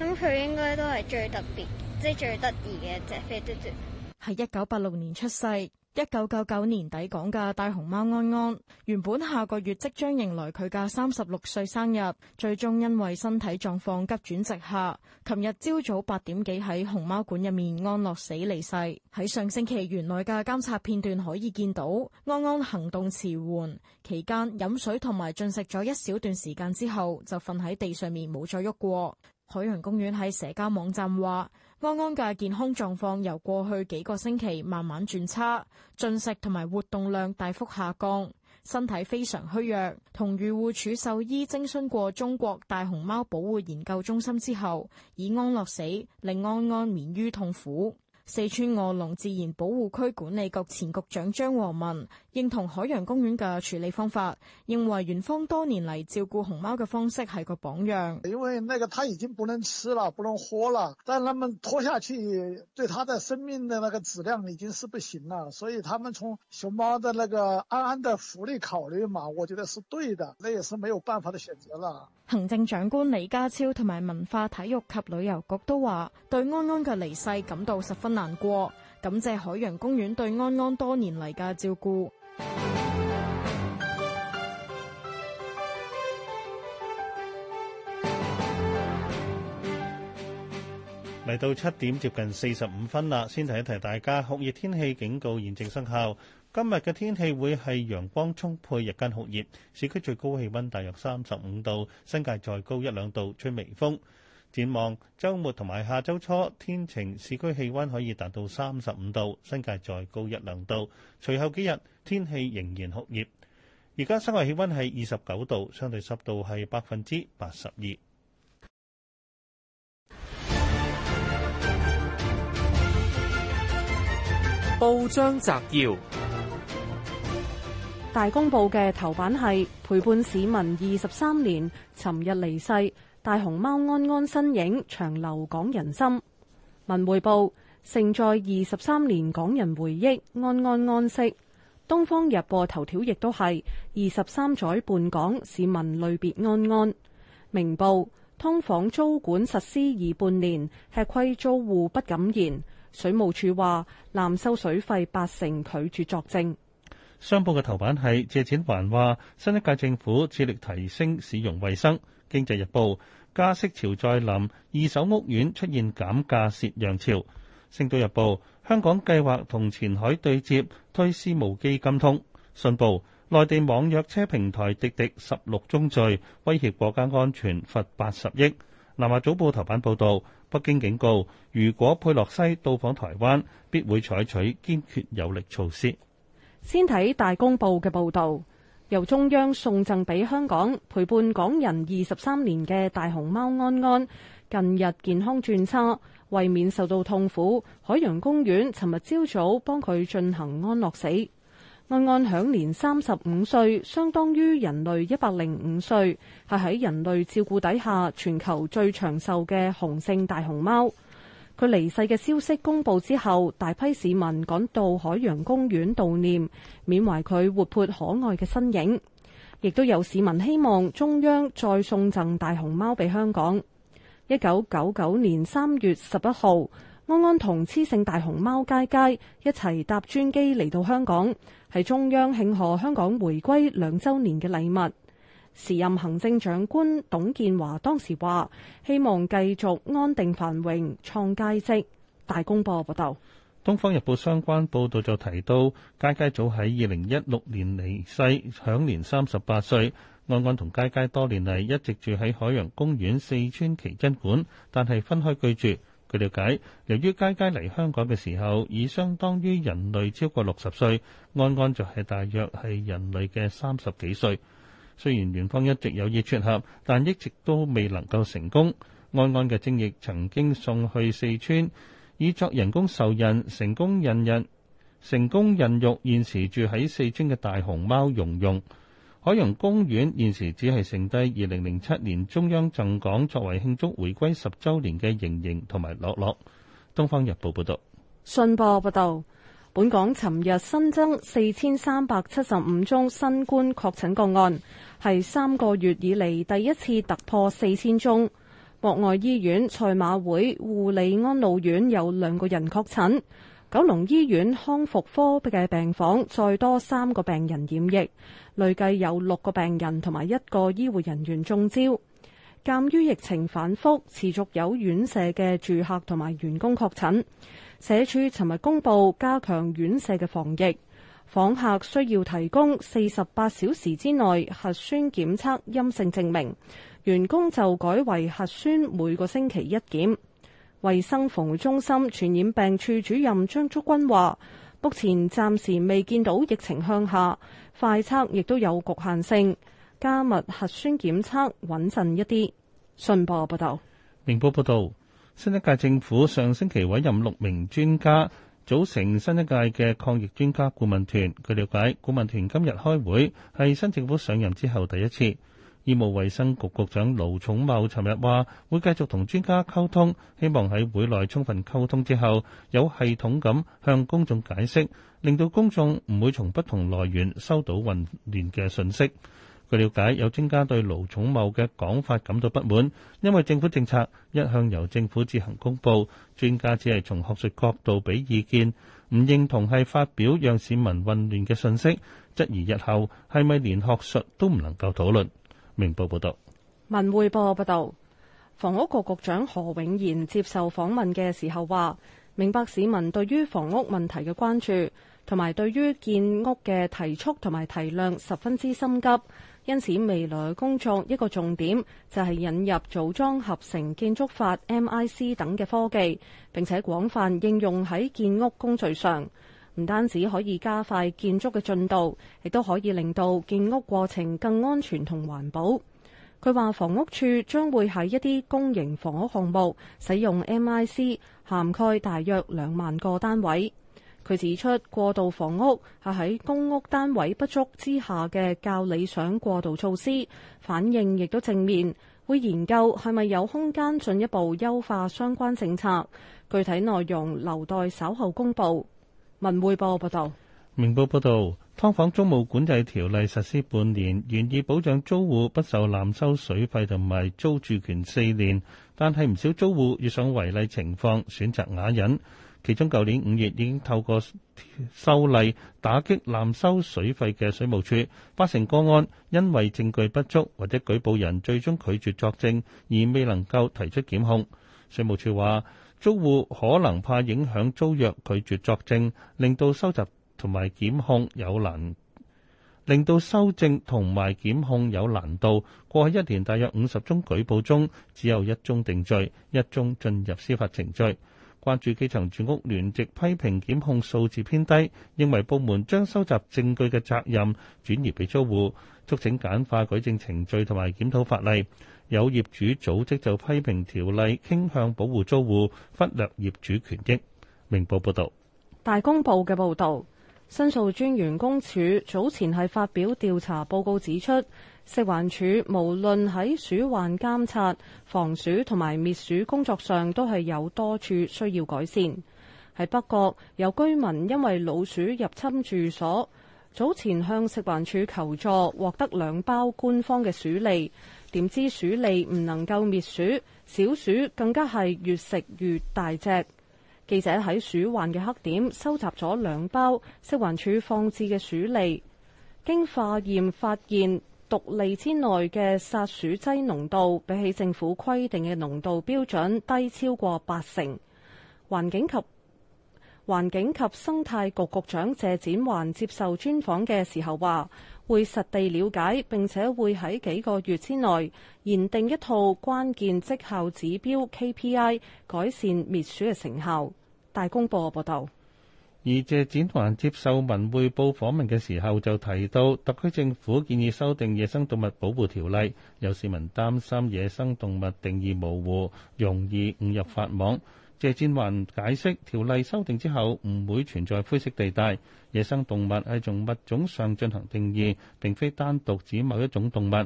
咁佢應該都係最特別，即係最得意嘅一隻肥嘟嘟。就是係一九八六年出世，一九九九年底講嘅大熊貓安安，原本下個月即將迎來佢嘅三十六歲生日，最終因為身體狀況急轉直下，琴日朝早八點幾喺熊貓館入面安樂死離世。喺上星期原來嘅監察片段可以見到安安行動遲緩，期間飲水同埋進食咗一小段時間之後，就瞓喺地上面冇再喐過。海洋公園喺社交網站話。安安嘅健康狀況由過去幾個星期慢慢轉差，進食同埋活動量大幅下降，身體非常虛弱。同漁護署獸醫徵詢過中國大熊貓保護研究中心之後，以安樂死令安安免於痛苦。四川臥龍自然保護區管理局前局長張和民認同海洋公園嘅處理方法，認為園方多年嚟照顧熊貓嘅方式係個榜樣。因為那個他已經不能吃了，不能喝了，但他們拖下去對他的生命的那個質量已經是不行了，所以他們從熊貓的那個安安的福利考慮嘛，我覺得是對的，那也是沒有辦法的選擇了。行政長官李家超同埋文化體育及旅遊局都話，對安安嘅離世感到十分難過，感謝海洋公園對安安多年嚟嘅照顧。嚟到七點接近四十五分啦，先提一提大家，酷熱天氣警告現正生效。今日嘅天氣會係陽光充沛，日間酷熱，市區最高氣温大約三十五度，新界再高一兩度，吹微風。展望週末同埋下周初天晴，市區氣温可以達到三十五度，新界再高一兩度。隨後幾日天氣仍然酷熱。而家室外氣温係二十九度，相對濕度係百分之八十二。報章摘要。大公報嘅頭版係陪伴市民二十三年，尋日離世大熊貓安安身影長留港人心。文匯報承載二十三年港人回憶，安安安息。東方日報頭條亦都係二十三載半港市民淚別安安。明報通房租管實施已半年，吃虧租戶不敢言。水務署話濫收水費，八成拒絕作證。商報嘅頭版係借錢還話，新一屆政府致力提升市容衛生。經濟日報加息潮再臨，二手屋苑出現減價蝕讓潮。星島日報香港計劃同前海對接，推絲無機金通。信報內地網約車平台滴滴十六宗罪，威脅國家安全，罰八十億。南華早報頭版報導，北京警告，如果佩洛西到訪台灣，必會採取堅決有力措施。先睇大公報嘅報道，由中央送贈俾香港陪伴港人二十三年嘅大熊貓安安，近日健康轉差，為免受到痛苦，海洋公園尋日朝早幫佢進行安樂死。安安享年三十五歲，相當於人類一百零五歲，係喺人類照顧底下全球最長壽嘅雄性大熊貓。佢離世嘅消息公布之後，大批市民趕到海洋公園悼念，緬懷佢活潑可愛嘅身影。亦都有市民希望中央再送贈大熊貓俾香港。一九九九年三月十一號，安安同雌性大熊貓佳佳一齊搭專機嚟到香港，係中央慶賀香港回歸兩周年嘅禮物。時任行政長官董建華當時話，希望繼續安定繁榮，創佳績。大公報報道，《東方日報》相關報道就提到，佳佳早喺二零一六年離世，享年三十八歲。安安同佳佳多年嚟，一直住喺海洋公園四川奇珍館，但係分開居住。據了解，由於佳佳嚟香港嘅時候已相當於人類超過六十歲，安安就係大約係人類嘅三十幾歲。雖然園方一直有意撮合，但一直都未能夠成功。安安嘅精液曾經送去四川，以作人工受孕，成功引孕成功孕育現時住喺四川嘅大熊貓蓉蓉。海洋公園現時只係剩低二零零七年中央贈港作為慶祝回歸十週年嘅盈盈同埋樂樂。《東方日報》報道。信報報道。本港尋日新增四千三百七十五宗新冠確診個案，係三個月以嚟第一次突破四千宗。博愛醫院賽馬會護理安老院有兩個人確診，九龍醫院康復科嘅病房再多三個病人染疫，累計有六個病人同埋一個醫護人員中招。鑑於疫情反覆，持續有院舍嘅住客同埋員工確診。社署尋日公布加強院舍嘅防疫，訪客需要提供四十八小時之內核酸檢測陰性證明，員工就改為核酸每個星期一檢。衛生防護中心傳染病處主任張竹君話：目前暫時未見到疫情向下，快測亦都有局限性，加密核酸檢測穩陣一啲。信報、啊、報道，明報報道。新一屆政府上星期委任六名專家組成新一屆嘅抗疫專家顧問團。據了解，顧問團今日開會係新政府上任之後第一次。醫務衛生局局長盧寵茂尋日話，會繼續同專家溝通，希望喺會內充分溝通之後，有系統咁向公眾解釋，令到公眾唔會從不同來源收到混亂嘅信息。據了解，有專家對盧寵茂嘅講法感到不滿，因為政府政策一向由政府自行公布，專家只係從學術角度俾意見，唔認同係發表讓市民混亂嘅信息，質疑日後係咪連學術都唔能夠討論。明報報道，文匯報報道，房屋局局長何永賢接受訪問嘅時候話，明白市民對於房屋問題嘅關注，同埋對於建屋嘅提速同埋提量十分之心急。因此，未來工作一個重點就係引入組裝合成建築法 （MIC） 等嘅科技，並且廣泛應用喺建屋工序上。唔單止可以加快建築嘅進度，亦都可以令到建屋過程更安全同環保。佢話房屋處將會喺一啲公營房屋項目使用 MIC，涵蓋大約兩萬個單位。佢指出，過渡房屋係喺公屋單位不足之下嘅較理想過渡措施，反應亦都正面。會研究係咪有空間進一步優化相關政策，具體內容留待稍後公布。文匯報報道，明報報道，劏房租務管制條例實施半年，願意保障租戶不受濫收水費同埋租住權四年，但係唔少租戶遇上違例情況，選擇啞忍。其中，舊年五月已經透過修例打擊濫收水費嘅水務署，八成個案因為證據不足或者舉報人最終拒絕作證，而未能夠提出檢控。水務署話，租戶可能怕影響租約拒絕作證，令到收集同埋檢控有難，令到收證同埋檢控有難度。過去一年，大約五十宗舉報中，只有一宗定罪，一宗進入司法程序。關注基層住屋聯席批評檢控數字偏低，認為部門將收集證據嘅責任轉移畀租戶，促請簡化舉證程序同埋檢討法例。有業主組織就批評條例傾向保護租戶，忽略業主權益。明報報導，大公報嘅報導，申訴專員公署早前係發表調查報告指出。食環署無論喺鼠患監察、防鼠同埋滅鼠工作上，都係有多處需要改善。喺北角，有居民因為老鼠入侵住所，早前向食環署求助，獲得兩包官方嘅鼠利，點知鼠利唔能夠滅鼠，小鼠更加係越食越大隻。記者喺鼠患嘅黑點收集咗兩包食環署放置嘅鼠利，經化驗發現。獨立毒餌之內嘅殺鼠劑濃度比起政府規定嘅濃度標準低超過八成。環境及環境及生態局局長謝展寰接受專訪嘅時候話，會實地了解，並且會喺幾個月之內研定一套關鍵績效指標 KPI，改善滅鼠嘅成效。大公報報道。而謝展寰接受文匯報訪問嘅時候，就提到特區政府建議修訂野生動物保護條例，有市民擔心野生動物定義模糊，容易誤入法網。謝戰環解釋條例修訂之後，唔會存在灰色地帶。野生動物係從物種上進行定義，並非單獨指某一種動物。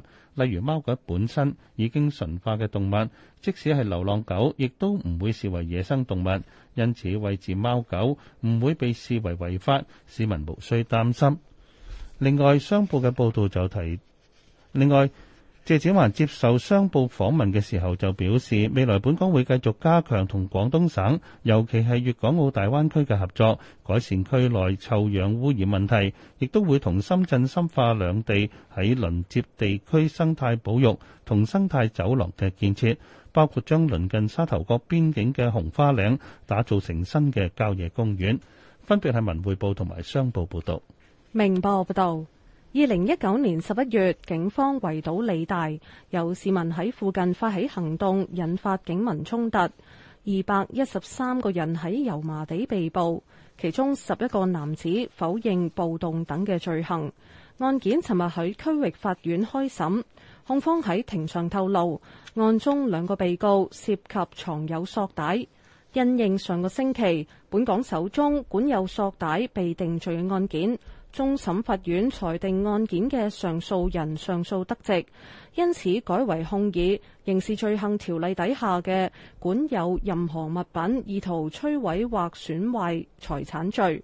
例如貓狗本身已經馴化嘅動物，即使係流浪狗，亦都唔會視為野生動物。因此，餵食貓狗唔會被視為違法，市民無需擔心。另外，商報嘅報道就提另外。謝展環接受商報訪問嘅時候就表示，未來本港會繼續加強同廣東省，尤其係粵港澳大灣區嘅合作，改善區內臭氧污染問題，亦都會同深圳深化兩地喺鄰接地區生態保育同生態走廊嘅建設，包括將鄰近沙頭角邊境嘅紅花嶺打造成新嘅郊野公園。分別係文匯報同埋商報報道。明報報道。二零一九年十一月，警方圍堵理大，有市民喺附近發起行動，引發警民衝突。二百一十三個人喺油麻地被捕，其中十一個男子否認暴動等嘅罪行。案件尋日喺區域法院開審，控方喺庭上透露，案中兩個被告涉及藏有索帶。因應上個星期，本港首宗管有索帶被定罪嘅案件。終審法院裁定案件嘅上訴人上訴得直，因此改為控以刑事罪行條例底下嘅管有任何物品意圖摧毀或損壞財產罪。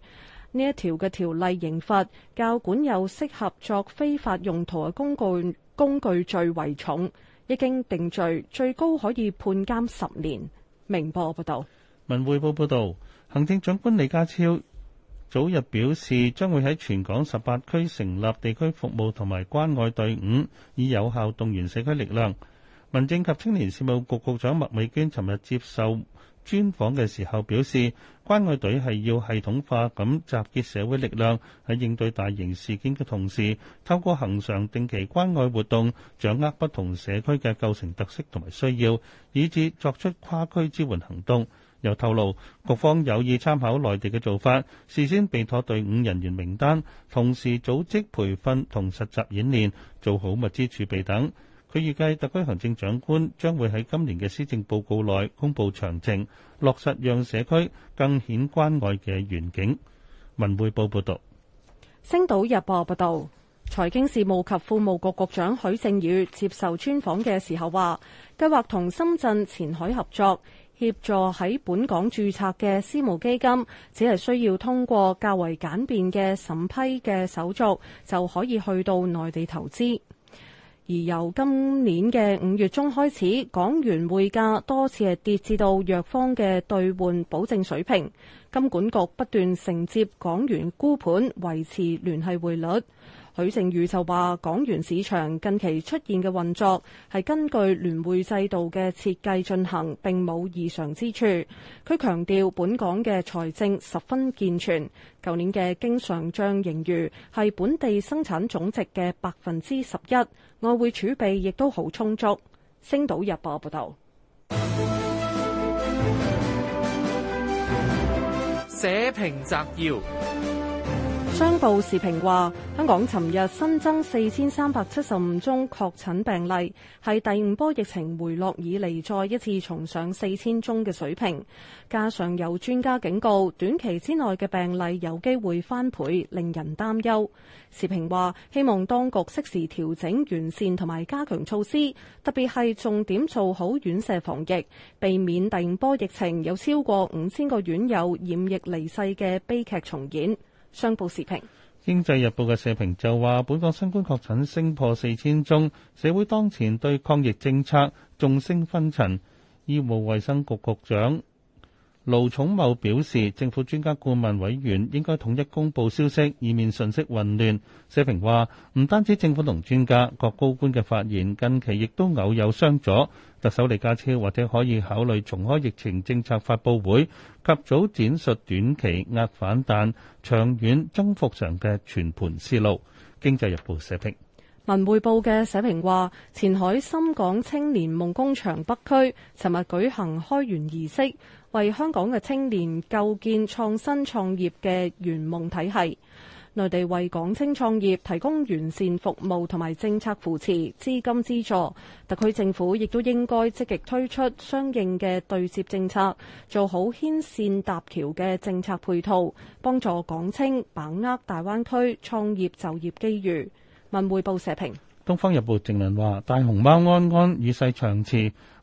呢一條嘅條例刑罰較管有適合作非法用途嘅工具工具罪為重，一經定罪，最高可以判監十年。明報報道，文匯報報道，行政長官李家超，早日表示將會喺全港十八區成立地區服務同埋關愛隊伍，以有效動員社區力量。民政及青年事務局局局長麥美娟尋日接受專訪嘅時候表示，關愛隊係要系統化咁集結社會力量，喺應對大型事件嘅同時，透過恆常定期關愛活動掌握不同社區嘅構成特色同埋需要，以至作出跨區支援行動。又透露，局方有意參考內地嘅做法，事先備妥隊伍人員名單，同時組織培訓同實習演練，做好物資儲備等。佢預計特區行政長官將會喺今年嘅施政報告內公布詳情，落實讓社區更顯關愛嘅願景。文匯報報道，星島日報報道，財經事務及庫務局局長許正宇接受專訪嘅時候話，計劃同深圳前海合作。協助喺本港註冊嘅私募基金，只係需要通過較為簡便嘅審批嘅手續，就可以去到內地投資。而由今年嘅五月中開始，港元匯價多次係跌至到弱方嘅兌換保證水平，金管局不斷承接港元沽盤，維持聯繫匯率。許正宇就話，港元市場近期出現嘅運作係根據聯匯制度嘅設計進行，並冇異常之處。佢強調，本港嘅財政十分健全，舊年嘅經常帳盈餘係本地生產總值嘅百分之十一，外匯儲備亦都好充足。星島日報報道。社評摘要。商報時評話：香港尋日新增四千三百七十五宗確診病例，係第五波疫情回落以嚟，再一次重上四千宗嘅水平。加上有專家警告，短期之內嘅病例有機會翻倍，令人擔憂。時評話：希望當局適時調整、完善同埋加強措施，特別係重點做好院舍防疫，避免第五波疫情有超過五千個院友染疫離世嘅悲劇重演。商報時評，經濟日報嘅社評就話：本港新冠確診升破四千宗，社會當前對抗疫政策眾聲紛陳。醫務衛生局局長盧寵茂表示，政府專家顧問委員應該統一公布消息，以免信息混亂。社評話，唔單止政府同專家，各高官嘅發言近期亦都偶有相左。特首李家超或者可以考慮重開疫情政策發布會，及早展述短期壓反彈、長遠增幅上嘅全盤思路。《經濟日報社評》報社評，文匯報嘅社評話，前海深港青年夢工場北區尋日舉行開園儀式。為香港嘅青年構建創新創業嘅圓夢體系，內地為港青創業提供完善服務同埋政策扶持、資金資助，特區政府亦都應該積極推出相應嘅對接政策，做好牽線搭橋嘅政策配套，幫助港青把握大灣區創業就業機遇。文匯報社評，《東方日報》證人話：大熊貓安安與世長辭。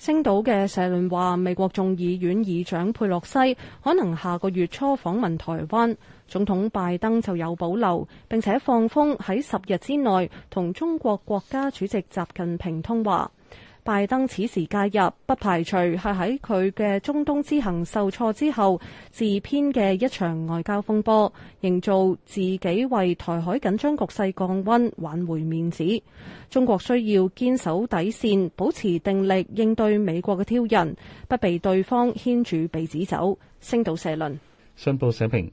星島嘅社論話，美國眾議院議長佩洛西可能下個月初訪問台灣，總統拜登就有保留，並且放風喺十日之內同中國國家主席習近平通話。拜登此時介入，不排除係喺佢嘅中東之行受挫之後自編嘅一場外交風波，營造自己為台海緊張局勢降溫、挽回面子。中國需要堅守底線，保持定力，應對美國嘅挑釁，不被對方牽住鼻子走。星島社論。信報社評：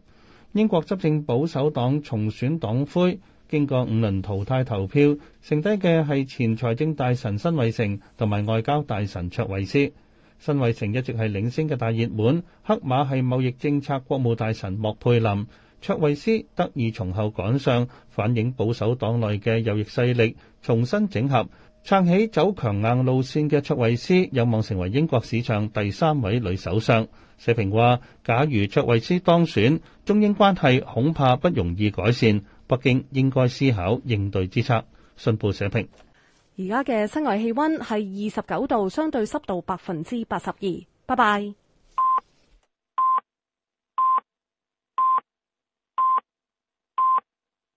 英國執政保守黨重選黨魁。經過五輪淘汰投票，剩低嘅係前財政大臣辛偉成同埋外交大臣卓惠斯。辛偉成一直係領先嘅大熱門，黑馬係貿易政策國務大臣莫佩林。卓惠斯得以從後趕上，反映保守黨內嘅右翼勢力重新整合，撐起走強硬路線嘅卓惠斯有望成為英國史上第三位女首相。社評話：假如卓惠斯當選，中英關係恐怕不容易改善。北京應該思考應對之策。信報社評，而家嘅室外氣温係二十九度，相對濕度百分之八十二。拜拜。